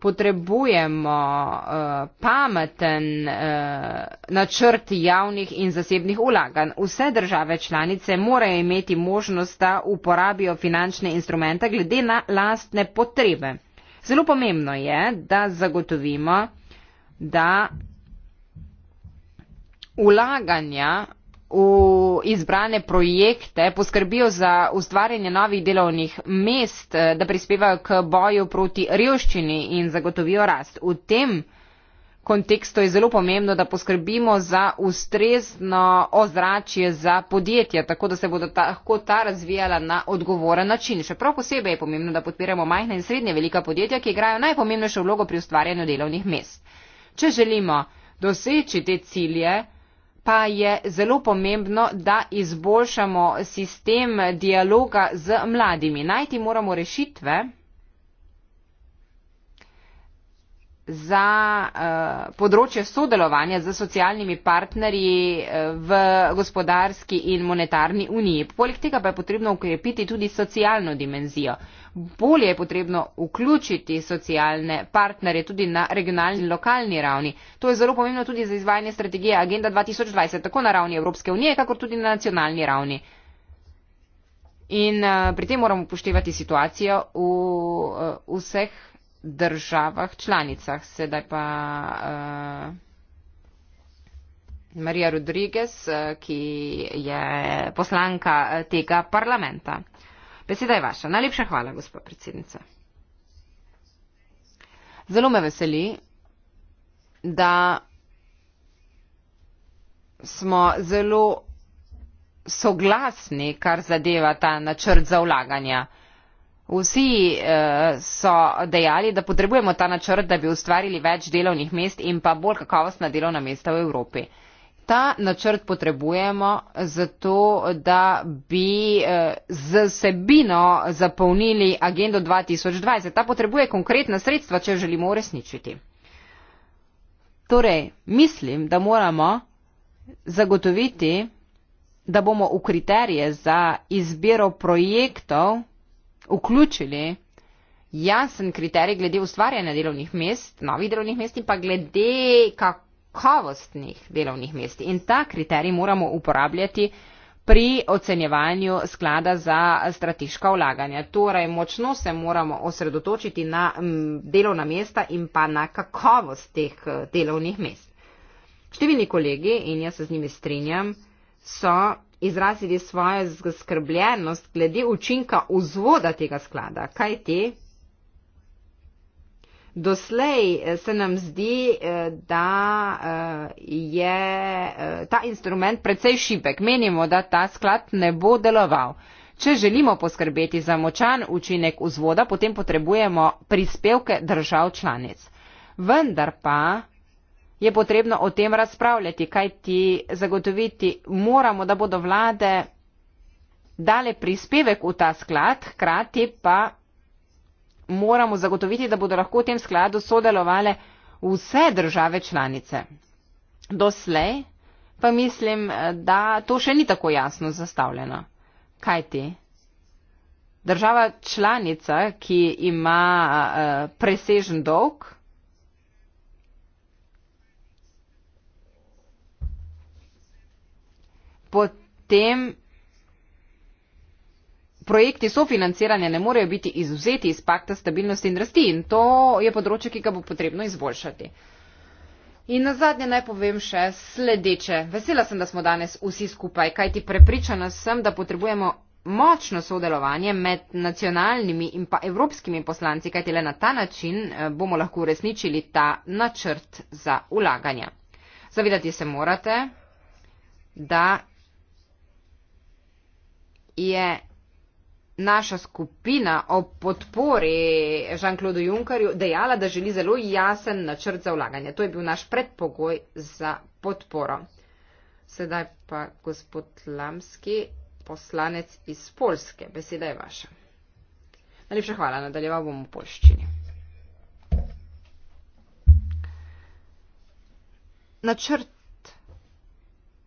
potrebujemo uh, pameten uh, načrt javnih in zasebnih ulaganj. Vse države članice morajo imeti možnost, da uporabijo finančne instrumente glede na lastne potrebe. Zelo pomembno je, da zagotovimo, da ulaganja v izbrane projekte, poskrbijo za ustvarjanje novih delovnih mest, eh, da prispevajo k boju proti revščini in zagotovijo rast. V tem kontekstu je zelo pomembno, da poskrbimo za ustrezno ozračje za podjetja, tako da se bodo lahko ta, ta razvijala na odgovoren način. Še prav posebej je pomembno, da podpiramo majhne in srednje velika podjetja, ki igrajo najpomembnejšo vlogo pri ustvarjanju delovnih mest. Če želimo doseči te cilje, pa je zelo pomembno, da izboljšamo sistem dialoga z mladimi. Najti moramo rešitve, za uh, področje sodelovanja z socialnimi partnerji eh, v gospodarski in monetarni uniji. Poleg tega pa je potrebno ukrepiti tudi socialno dimenzijo. Bolje je potrebno vključiti socialne partnerje tudi na regionalni in lokalni ravni. To je zelo pomembno tudi za izvajanje strategije Agenda 2020, tako na ravni Evropske unije, kakor tudi na nacionalni ravni. In uh, pri tem moramo upoštevati situacijo v uh, vseh uh, državah članicah. Sedaj pa uh, Marija Rodriguez, eh, ki je poslanka eh, tega parlamenta. Beseda je vaša. Najlepša hvala, gospod predsednica. Zelo me veseli, da smo zelo soglasni, kar zadeva ta načrt za vlaganja. Vsi eh, so dejali, da potrebujemo ta načrt, da bi ustvarili več delovnih mest in pa bolj kakovostna delovna mesta v Evropi. Ta načrt potrebujemo zato, da bi eh, z sebino zapolnili agendo 2020. Ta potrebuje konkretna sredstva, če želimo uresničiti. Torej, mislim, da moramo zagotoviti, da bomo v kriterije za izbiro projektov vključili jasen kriterij glede ustvarjanja delovnih mest, novih delovnih mest in pa glede kakovostnih delovnih mest. In ta kriterij moramo uporabljati pri ocenjevanju sklada za strateška vlaganja. Torej, močno se moramo osredotočiti na delovna mesta in pa na kakovost teh delovnih mest. Številni kolegi, in jaz se z njimi strinjam, so izraziti svojo zaskrbljenost glede učinka vzvoda tega sklada. Kaj te? Doslej eh, se nam zdi, eh, da eh, je ta instrument precej šipek. Menimo, da ta sklad ne bo deloval. Če želimo poskrbeti za močan učinek vzvoda, potem potrebujemo prispevke držav članic. Vendar pa je potrebno o tem razpravljati, kaj ti zagotoviti moramo, da bodo vlade dale prispevek v ta sklad, hkrati pa moramo zagotoviti, da bodo lahko v tem skladu sodelovale vse države članice. Doslej pa mislim, da to še ni tako jasno zastavljeno. Kaj ti? Država članica, ki ima uh, presežen dolg, potem projekti sofinanciranja ne morejo biti izuzeti iz pakta stabilnosti in rasti in to je področje, ki ga bo potrebno izboljšati. In na zadnje naj povem še sledeče. Vesela sem, da smo danes vsi skupaj, kaj ti prepričana sem, da potrebujemo močno sodelovanje med nacionalnimi in pa evropskimi poslanci, kaj ti le na ta način eh, bomo lahko uresničili ta načrt za ulaganja. Zavedati se morate, da je naša skupina ob podpori Žan-Klodu Junkarju dejala, da želi zelo jasen načrt za vlaganje. To je bil naš predpogoj za podporo. Sedaj pa gospod Lamski, poslanec iz Polske. Beseda je vaša. Najlepša hvala, nadaljeval bom v polščini. Načrt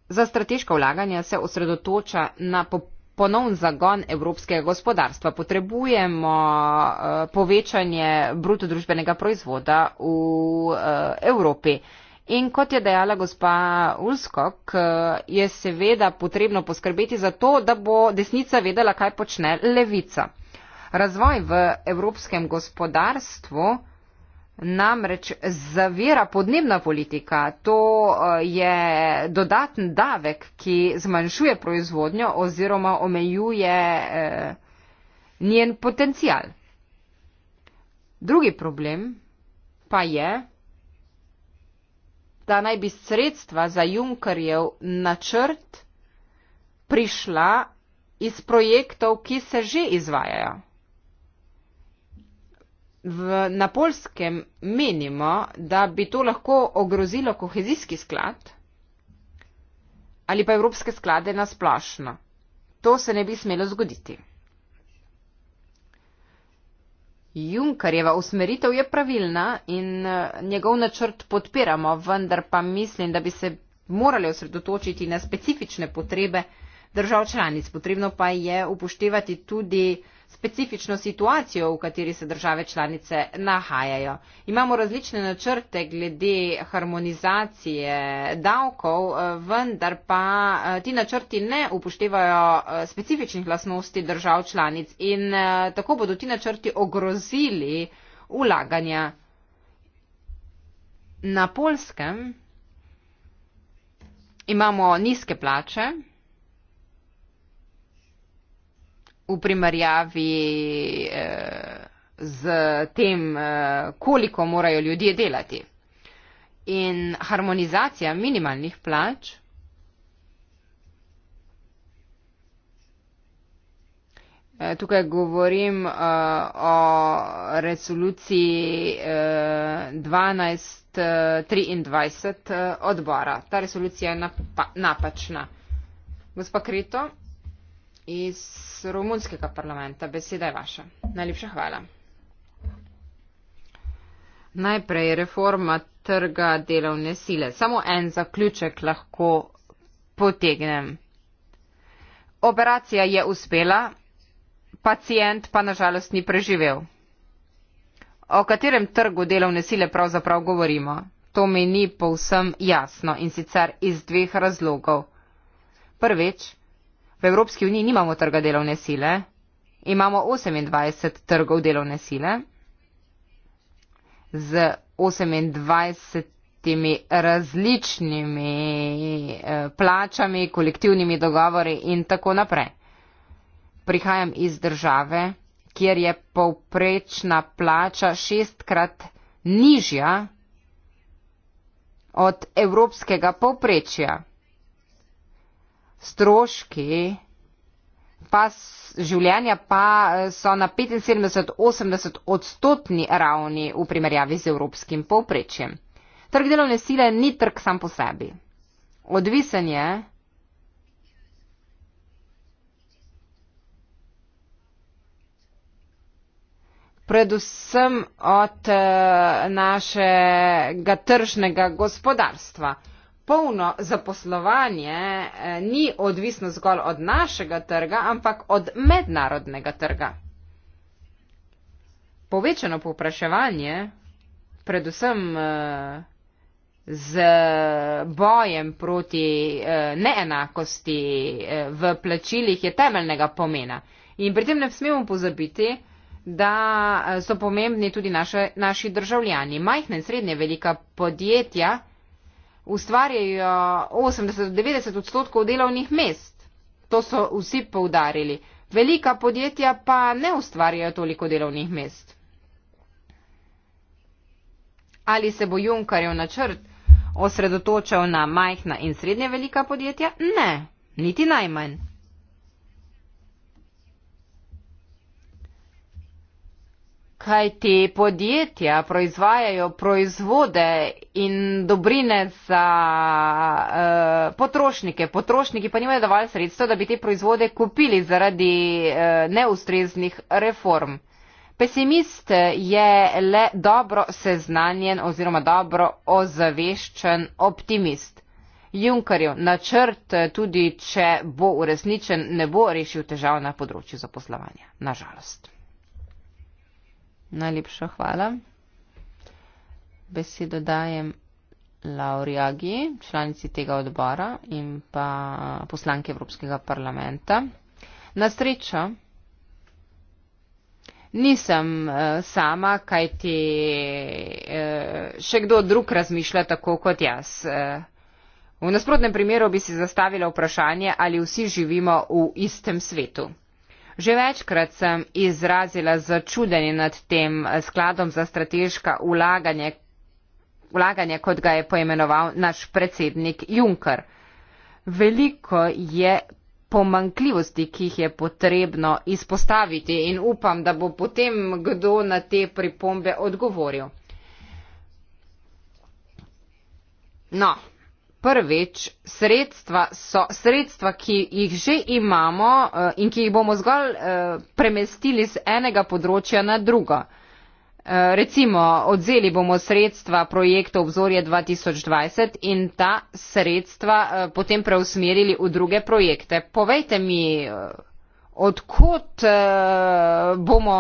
za strateška vlaganja se osredotoča na popolnost ponovn zagon evropskega gospodarstva. Potrebujemo eh, povečanje brutodružbenega proizvoda v eh, Evropi. In kot je dejala gospa Ulskok, eh, je seveda potrebno poskrbeti za to, da bo desnica vedela, kaj počne levica. Razvoj v evropskem gospodarstvu namreč zavira podnebna politika. To eh, je dodatni davek, ki zmanjšuje proizvodnjo oziroma omejuje eh, njen potencial. Drugi problem pa je, da naj bi sredstva za Junkerjev načrt prišla iz projektov, ki se že izvajajo. V, na polskem menimo, da bi to lahko ogrozilo kohezijski sklad ali pa evropske sklade na splošno. To se ne bi smelo zgoditi. Junkarjeva usmeritev je pravilna in eh, njegov načrt podpiramo, vendar pa mislim, da bi se morali osredotočiti na specifične potrebe držav članic. Potrebno pa je upoštevati tudi specifično situacijo, v kateri se države članice nahajajo. Imamo različne načrte glede harmonizacije davkov, vendar pa eh, ti načrti ne upoštevajo eh, specifičnih lasnosti držav članic in eh, tako bodo ti načrti ogrozili ulaganja. Na polskem imamo nizke plače, v primerjavi z eh, tem, eh, koliko morajo ljudje delati. In harmonizacija minimalnih plač eh, Tukaj govorim uh, o resoluciji uh, 12.23 uh, odbora. Ta resolucija je napa napačna. Gospa Krito iz romunskega parlamenta. Beseda je vaša. Najlepša hvala. Najprej reforma trga delovne sile. Samo en zaključek lahko potegnem. Operacija je uspela, pacijent pa nažalost ni preživel. O katerem trgu delovne sile pravzaprav govorimo? To mi ni povsem jasno in sicer iz dveh razlogov. Prvič, V Evropski uniji nimamo trga delovne sile, imamo 28 trgov delovne sile z 28 različnimi eh, plačami, kolektivnimi dogovori in tako naprej. Prihajam iz države, kjer je povprečna plača šestkrat nižja od evropskega povprečja stroški pa življenja pa eh, so na 75-80 odstotni ravni v primerjavi z evropskim povprečjem. Trg delovne sile ni trg sam po sebi. Odvisen je predvsem od eh, našega tržnega gospodarstva polno zaposlovanje eh, ni odvisno zgolj od našega trga, ampak od mednarodnega trga. Povečano povpraševanje, predvsem eh, z bojem proti eh, neenakosti v plačilih, je temeljnega pomena. In pri tem ne smemo pozabiti, da so pomembni tudi naše, naši državljani. Majhne in srednje velika podjetja, ustvarjajo eh, 80-90 odstotkov delovnih mest. To so vsi poudarili. Velika podjetja pa ne ustvarjajo toliko delovnih mest. Ali se bo Junkarjev načrt osredotočal na majhna in srednje velika podjetja? Ne, niti najmanj. kaj ti podjetja proizvajajo proizvode in dobrine za uh, potrošnike. Potrošniki pa nimajo dovolj sredstva, da bi te proizvode kupili zaradi uh, neustreznih reform. Pesimist je le dobro seznanjen oziroma dobro ozaveščen optimist. Junkarjev načrt, tudi če bo uresničen, ne bo rešil težav na področju zaposlovanja. Nažalost. Najlepša hvala. Besedo dajem Lauri Agi, članici tega odbora in pa poslanke Evropskega parlamenta. Na srečo nisem eh, sama, kaj ti eh, še kdo drug razmišlja tako kot jaz. Eh, v nasprotnem primeru bi si zastavila vprašanje, ali vsi živimo v istem svetu. Že večkrat sem izrazila začudenje nad tem eh, skladom za strateška ulaganje, ulaganje, kot ga je poimenoval naš predsednik Juncker. Veliko je pomankljivosti, ki jih je potrebno izpostaviti in upam, da bo potem kdo na te pripombe odgovoril. No, prvič, sredstva, so, sredstva, ki jih že imamo eh, in ki jih bomo zgolj eh, premestili z enega področja na drugo. Eh, recimo, odzeli bomo sredstva projektov obzorje 2020 in ta sredstva potem preusmerili v druge projekte. Povejte mi, odkot bomo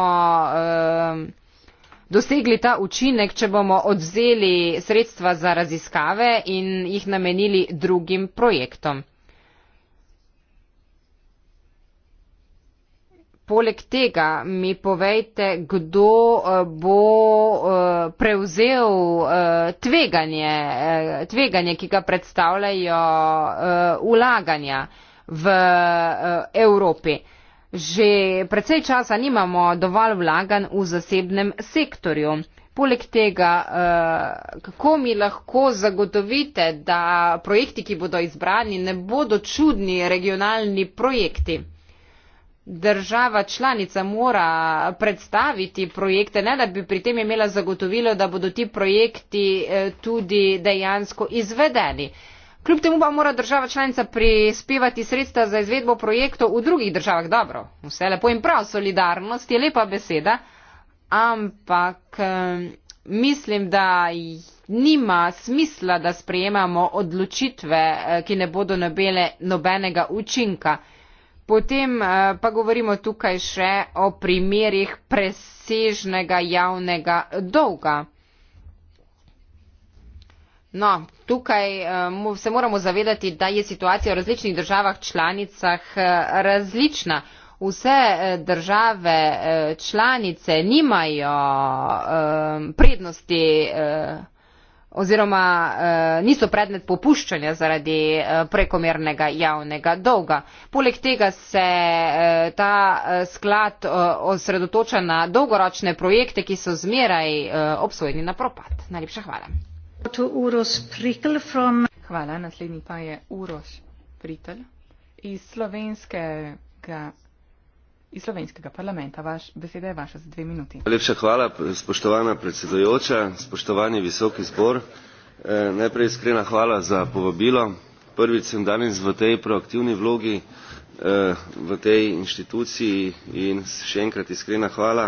dosegli ta učinek, če bomo odzeli sredstva za raziskave in jih namenili drugim projektom. Poleg tega mi povejte, kdo eh, bo eh, prevzel eh, tveganje, tveganje ki ga predstavljajo vlaganja v Evropi. Že precej časa nimamo dovolj vlagan v zasebnem sektorju. Poleg tega, eh, kako mi lahko zagotovite, da projekti, ki bodo izbrani, ne bodo čudni regionalni projekti? Država članica mora predstaviti projekte, ne da bi pri tem imela zagotovilo, da bodo ti projekti eh, tudi dejansko izvedeni. Kljub temu pa mora država članica prispevati sredstva za izvedbo projektov v drugih državah. Dobro, vse lepo in prav, solidarnost je lepa beseda, ampak eh, mislim, da nima smisla, da sprejemamo odločitve, eh, ki ne bodo nobele nobenega učinka. Potem eh, pa govorimo tukaj še o primerjih presežnega javnega dolga. No, tukaj eh, se moramo zavedati, da je situacija v različnih državah članicah eh, različna. Vse eh, države članice nimajo prednosti oziroma niso predmet popuščanja zaradi prekomernega javnega dolga. Poleg tega se ta sklad osredotoča na dolgoročne projekte, ki so zmeraj obsojeni na propad. Najlepša hvala. Hvala, naslednji pa je Uroš Pritelj iz slovenskega, iz slovenskega parlamenta. Vaš, beseda je vaša za dve minuti. Lepša hvala, spoštovana predsedujoča, spoštovani visoki zbor. E, najprej iskrena hvala za povabilo. Prvič sem danes v tej proaktivni vlogi eh, v tej inštituciji in še enkrat iskrena hvala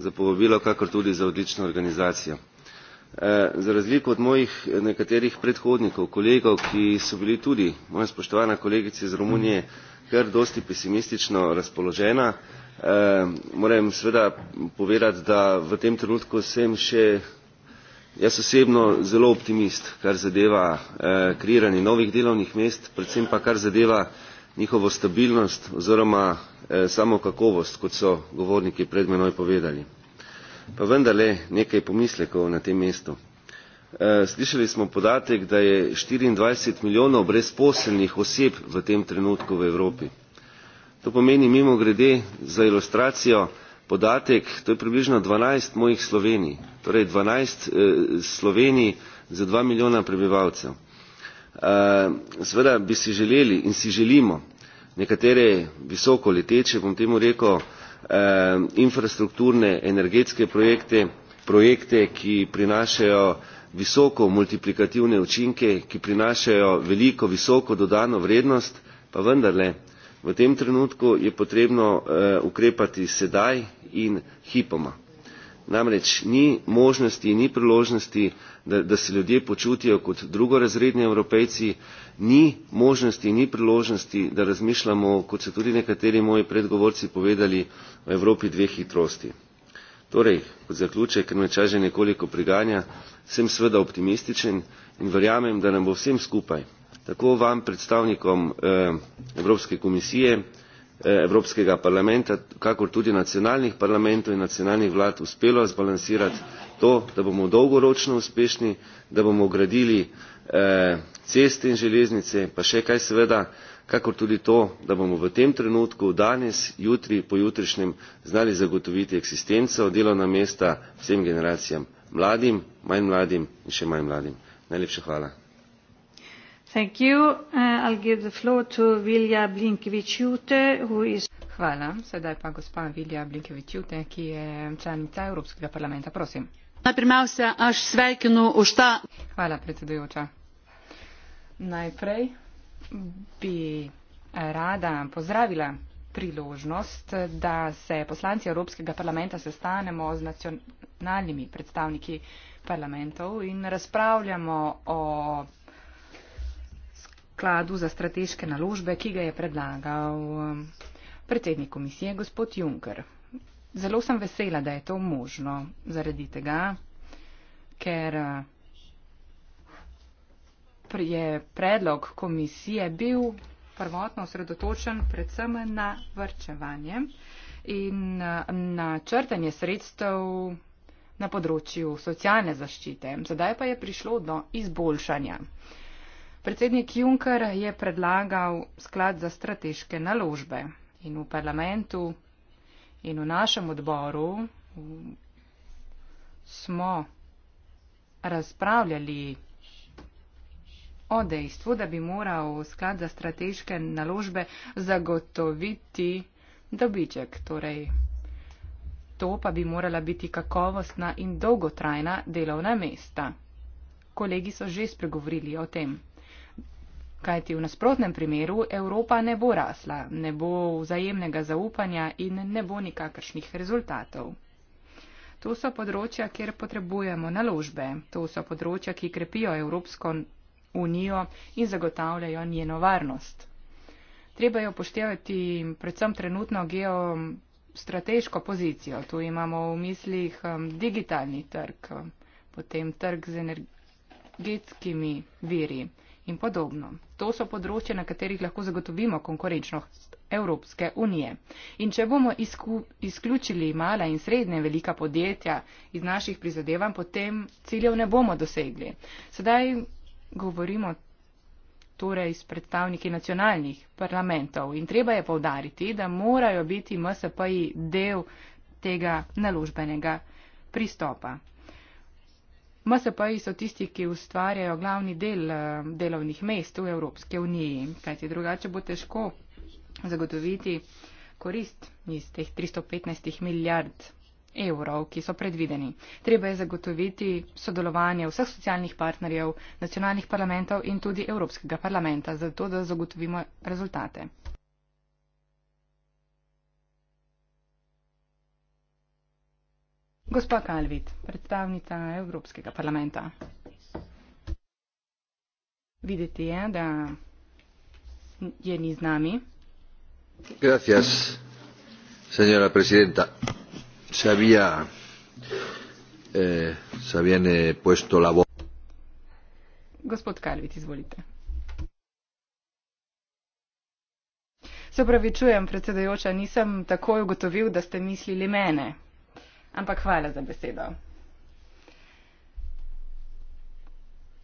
za povabilo, kakor tudi za odlično organizacijo. Eh, za razliko od mojih eh, nekaterih predhodnikov, kolegov, ki so bili tudi, moja spoštovana kolegica iz Romunije, kar dosti pesimistično razpoložena, eh, moram seveda povedati, da v tem trenutku sem še jaz osebno zelo optimist, kar zadeva kreiranje novih delovnih mest, predvsem pa kar zadeva njihovo stabilnost oziroma samo kakovost, kot so govorniki pred menoj povedali pa vendarle nekaj pomislekov na tem mestu. Eh, slišali smo podatek, da je 24 milijonov brezposelnih oseb v tem trenutku v Evropi. To pomeni mimo grede za ilustracijo podatek, to je približno 12 mojih Slovenij, torej 12 eh, Slovenij za 2 milijona prebivalcev. Eh, Sveda bi si želeli in si želimo nekatere visokoleteče, bom temu rekel, Eh, infrastrukturne energetske projekte, projekte, ki prinašajo visoko multiplikativne učinke, ki prinašajo veliko visoko dodano vrednost, pa vendarle v tem trenutku je potrebno eh, ukrepati sedaj in hipoma. Namreč ni možnosti, ni priložnosti, da, da se ljudje počutijo kot drugorazredni evropejci, ni možnosti, ni priložnosti, da razmišljamo, kot so tudi nekateri moji predgovorci povedali, o Evropi dveh hitrosti. Torej, kot zaključek, ker me čas že nekoliko priganja, sem sveda optimističen in verjamem, da nam bo vsem skupaj, tako vam predstavnikom eh, Evropske komisije, Eh, evropskega parlamenta kakor tudi nacionalnih parlamentov in nacionalnih vlad uspelo zbalansirati to da bomo dolgoročno uspešni da bomo gradili eh, ceste in železnice pa še kaj seveda kakor tudi to da bomo v tem trenutku danes jutri pojutrišnjem znali zagotoviti eksistenco delovna mesta vsem generacijam mladim manj mladim in še manj mladim najlepša hvala. Thank you. Uh, I'll give the floor to Vilja Blinkevičute, who is Hvala. Sedaj pa gospa Vilja Blinkevičute, ki je članica Evropskega parlamenta. Prosim. Najprej se aš sveikinu už tą. Hvala, predsedujoča. Najprej bi rada pozdravila priložnost, da se poslanci Evropskega parlamenta sestanemo z nacionalnimi predstavniki parlamentov in razpravljamo o skladu za strateške naložbe, ki ga je predlagal um, predsednik komisije, gospod Juncker. Zelo sem vesela, da je to možno zaradi tega, ker uh, je predlog komisije bil prvotno osredotočen predvsem na vrčevanje in uh, na črtanje sredstev na področju socialne zaščite. Zdaj pa je prišlo do izboljšanja. Uh, Predsednik Juncker je predlagal sklad za strateške naložbe in v parlamentu in v našem odboru smo razpravljali o dejstvu, da bi moral sklad za strateške naložbe zagotoviti dobiček. Torej, to pa bi morala biti kakovostna in dolgotrajna delovna mesta. Kolegi so že spregovorili o tem. Kajti v nasprotnem primeru Evropa ne bo rasla, ne bo vzajemnega zaupanja in ne bo nikakršnih rezultatov. To so področja, kjer potrebujemo naložbe, to so področja, ki krepijo Evropsko unijo in zagotavljajo njeno varnost. Treba jo poštevati predvsem trenutno geostrateško pozicijo. Tu imamo v mislih um, digitalni trg, um, potem trg z energetskimi viri in podobno. To so področje, na katerih lahko zagotovimo konkurenčnost Evropske unije. In če bomo izku, izključili mala in srednje velika podjetja iz naših prizadevanj, potem ciljev ne bomo dosegli. Sedaj govorimo torej s predstavniki nacionalnih parlamentov in treba je povdariti, da morajo biti MSP-ji del tega naložbenega pristopa. MSP-ji so tisti, ki ustvarjajo glavni del eh, delovnih mest v Evropske uniji, kajti drugače bo težko zagotoviti korist iz teh 315 milijard evrov, ki so predvideni. Treba je zagotoviti sodelovanje vseh socialnih partnerjev, nacionalnih parlamentov in tudi Evropskega parlamenta, zato da zagotovimo rezultate. Gospa Kalvit, predstavnica Evropskega parlamenta. Videti je, da je ni z nami. Gracias, señora presidenta. Se había, eh, se había eh, puesto la voz. Gospod Kalvit, izvolite. Se pravi, čujem, predsedajoča, nisem takoj ugotovil, da ste mislili mene ampak hvala za besedo.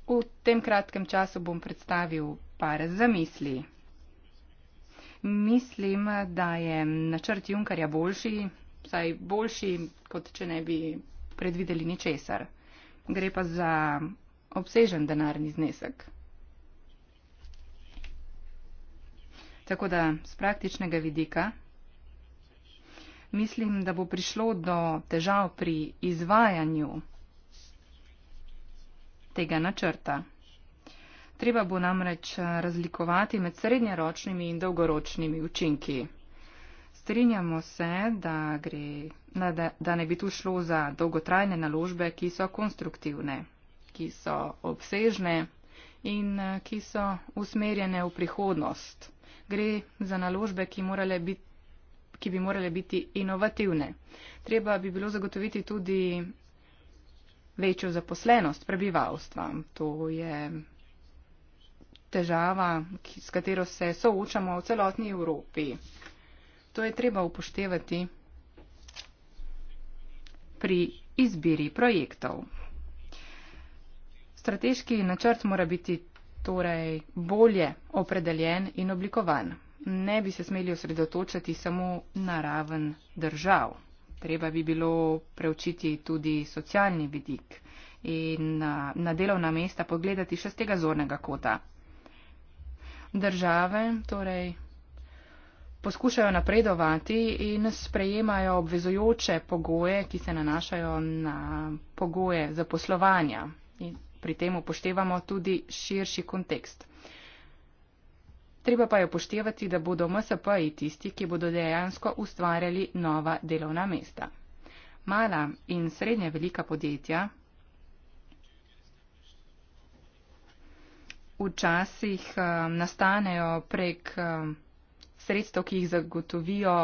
V tem kratkem času bom predstavil par zamisli. Mislim, da je načrt Junkarja boljši, saj boljši, kot če ne bi predvideli ničesar. Gre pa za obsežen denarni znesek. Tako da z praktičnega vidika mislim, da bo prišlo do težav pri izvajanju tega načrta. Treba bo namreč eh, razlikovati med srednjeročnimi in dolgoročnimi učinki. Strinjamo se, da, gre, da, da ne bi tu šlo za dolgotrajne naložbe, ki so konstruktivne, ki so obsežne in eh, ki so usmerjene v prihodnost. Gre za naložbe, ki morale biti ki bi morale biti inovativne. Treba bi bilo zagotoviti tudi večjo zaposlenost prebivalstva. To je težava, s katero se soočamo v celotni Evropi. To je treba upoštevati pri izbiri projektov. Strateški načrt mora biti torej bolje opredeljen in oblikovan ne bi se smeli osredotočati samo na raven držav. Treba bi bilo preučiti tudi socialni vidik in na, na delovna mesta pogledati še z tega zornega kota. Države torej poskušajo napredovati in sprejemajo obvezujoče pogoje, ki se nanašajo na pogoje zaposlovanja. In pri tem upoštevamo tudi širši kontekst. Treba pa je upoštevati, da bodo MSP-ji tisti, ki bodo dejansko ustvarjali nova delovna mesta. Mala in srednje velika podjetja včasih um, nastanejo prek um, sredstev, ki jih zagotovijo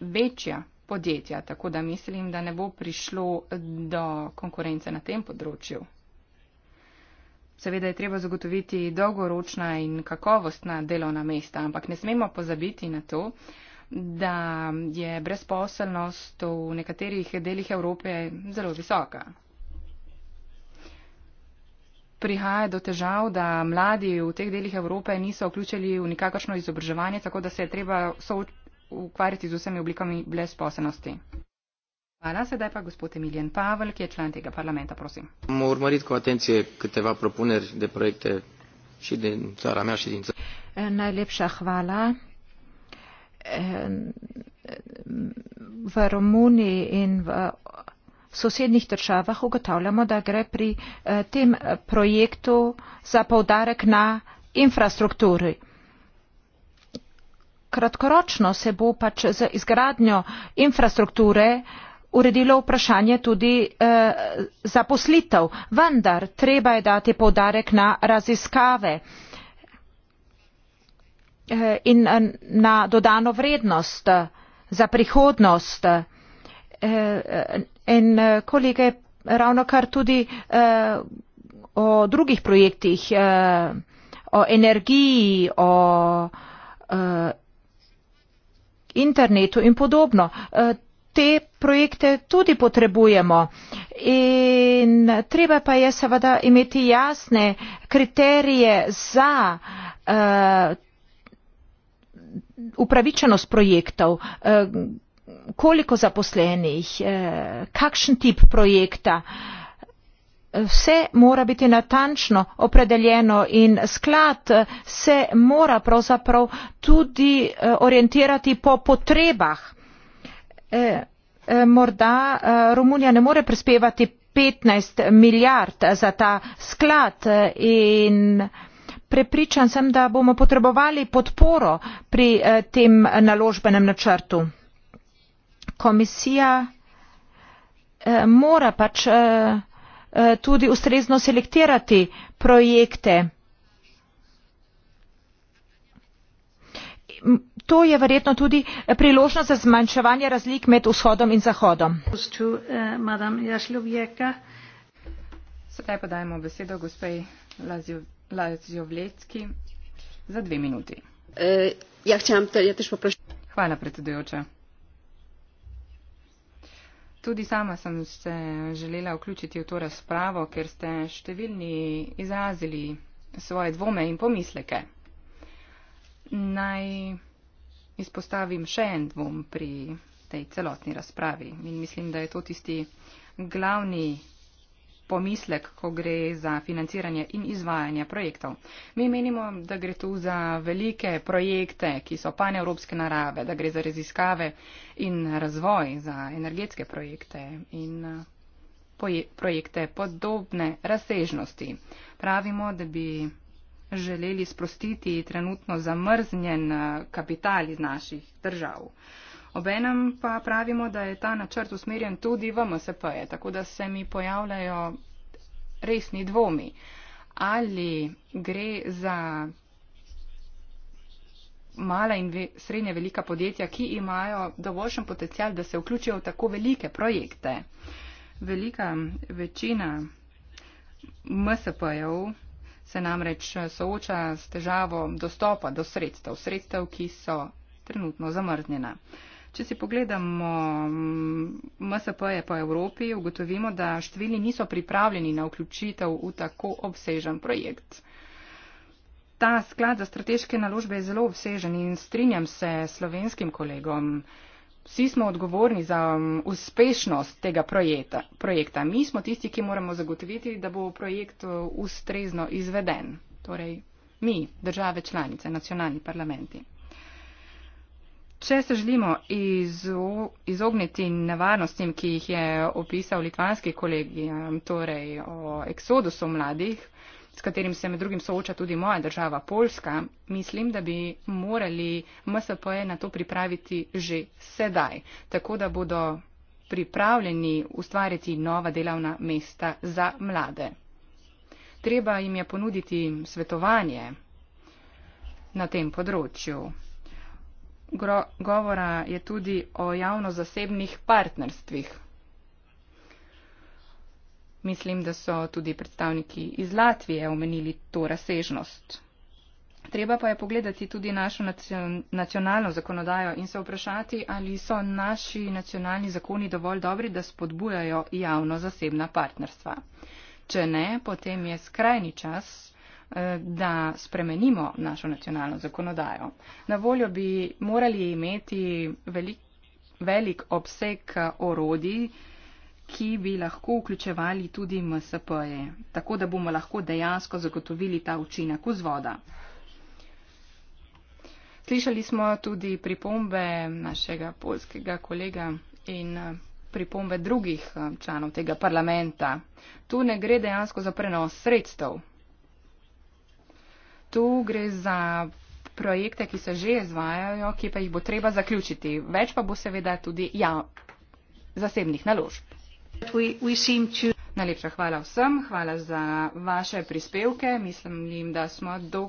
večja podjetja, tako da mislim, da ne bo prišlo do konkurence na tem področju. Seveda je treba zagotoviti dolgoročna in kakovostna delovna mesta, ampak ne smemo pozabiti na to, da je brezposelnost v nekaterih delih Evrope zelo visoka. Prihaja do težav, da mladi v teh delih Evrope niso vključili v nikakršno izobraževanje, tako da se je treba ukvarjati z vsemi oblikami brezposelnosti. Hvala, sedaj pa gospod Emilijan Pavel, ki je član tega parlamenta, prosim. Eh, najlepša hvala. Eh, v Romuniji in v eh, sosednjih državah ugotavljamo, da gre pri tem projektu za povdarek na infrastrukturi. Kratkoročno se bo pač z izgradnjo infrastrukture uredilo vprašanje tudi eh, zaposlitev. Vendar treba je dati povdarek na raziskave eh, in eh, na dodano vrednost eh, za prihodnost. Eh, eh, in eh, kolege ravno kar tudi eh, o drugih projektih, eh, o energiji, o. Eh, internetu in podobno. Eh, te projekte tudi potrebujemo in treba pa je seveda imeti jasne kriterije za uh, upravičenost projektov, uh, koliko zaposlenih, uh, kakšen tip projekta. Vse mora biti natančno opredeljeno in sklad se mora pravzaprav tudi orientirati po potrebah E, e, morda e, Romunija ne more prispevati 15 milijard za ta sklad in prepričan sem, da bomo potrebovali podporo pri tem naložbenem načrtu. Komisija mora pač tudi ustrezno selektirati projekte to je verjetno tudi eh, priložnost za zmanjševanje razlik med vzhodom in zahodom. Eh, eh, ja ja Hvala, predsedujoča. Tudi sama sem se želela vključiti v to razpravo, ker ste številni izrazili svoje dvome in pomisleke. Naj izpostavim še en dvom pri tej celotni razpravi. In mislim, da je to tisti glavni pomislek, ko gre za financiranje in izvajanje projektov. Mi menimo, da gre tu za velike projekte, ki so paneuropske narave, da gre za raziskave in razvoj, za energetske projekte in eh, projekte podobne razsežnosti. Pravimo, da bi želeli sprostiti trenutno zamrznjen eh, kapital iz naših držav. Obenem pa pravimo, da je ta načrt usmerjen tudi v MSP-je, tako da se mi pojavljajo resni dvomi. Ali gre za mala in ve srednje velika podjetja, ki imajo dovoljšen potencial, da se vključijo v tako velike projekte. Velika večina MSP-jev se namreč eh, sooča s težavo dostopa do sredstev, sredstev, ki so trenutno zamrznjena. Če si pogledamo MSP-je mm, po Evropi, ugotovimo, da številni niso pripravljeni na vključitev v tako obsežen projekt. Ta sklad za strateške naložbe je zelo obsežen in strinjam se s slovenskim kolegom vsi smo odgovorni za um, uspešnost tega projekta. projekta. Mi smo tisti, ki moramo zagotoviti, da bo projekt uh, ustrezno izveden. Torej, mi, države članice, nacionalni parlamenti. Če se želimo izogniti nevarnostim, ki jih je opisal litvanski kolegi, um, torej o eksodusu mladih, s katerim se med drugim sooča tudi moja država Poljska, mislim, da bi morali MSP-je na to pripraviti že sedaj, tako da bodo pripravljeni ustvariti nova delavna mesta za mlade. Treba jim je ponuditi svetovanje na tem področju. Gro govora je tudi o javno-zasebnih partnerstvih. Mislim, da so tudi predstavniki iz Latvije omenili to razsežnost. Treba pa je pogledati tudi našo nacionalno zakonodajo in se vprašati, ali so naši nacionalni zakoni dovolj dobri, da spodbujajo javno-zasebna partnerstva. Če ne, potem je skrajni čas, eh, da spremenimo našo nacionalno zakonodajo. Na voljo bi morali imeti velik, velik obseg eh, orodij, ki bi lahko vključevali tudi MSP-je, tako da bomo lahko dejansko zagotovili ta učinek vzvoda. Slišali smo tudi pripombe našega polskega kolega in eh, pripombe drugih eh, članov tega parlamenta. Tu ne gre dejansko za prenos sredstev. Tu gre za projekte, ki se že izvajajo, ki pa jih bo treba zaključiti. Več pa bo seveda tudi ja, zasebnih naložb. Najlepša hvala vsem, hvala za vaše prispevke. Mislim, da, do,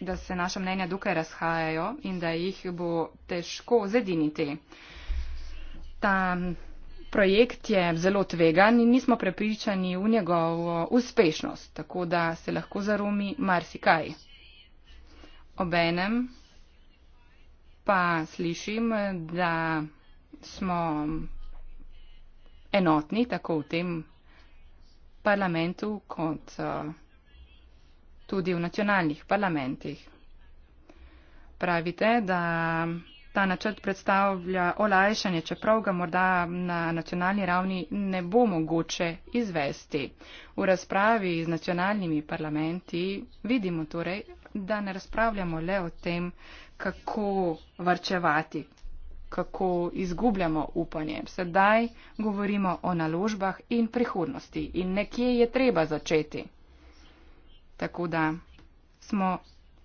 da se naša mnenja dokaj razhajajo in da jih bo težko zediniti. Ta projekt je zelo tvegan in nismo prepričani v njegovo uspešnost, tako da se lahko zarumi marsikaj. Obenem pa slišim, da smo enotni, tako v tem parlamentu, kot uh, tudi v nacionalnih parlamentih. Pravite, da ta načrt predstavlja olajšanje, čeprav ga morda na nacionalni ravni ne bo mogoče izvesti. V razpravi z nacionalnimi parlamenti vidimo torej, da ne razpravljamo le o tem, kako varčevati, kako izgubljamo upanje. Sedaj govorimo o naložbah in prihodnosti in nekje je treba začeti. Tako da smo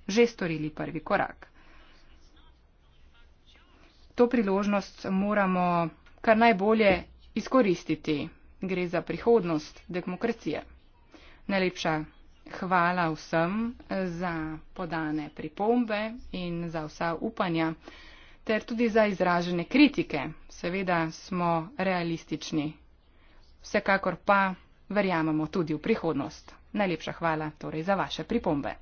že storili prvi korak. To priložnost moramo kar najbolje izkoristiti. Gre za prihodnost demokracije. Najlepša hvala vsem za podane pripombe in za vsa upanja ter tudi za izražene kritike. Seveda smo realistični. Vsekakor pa verjamemo tudi v prihodnost. Najlepša hvala torej za vaše pripombe.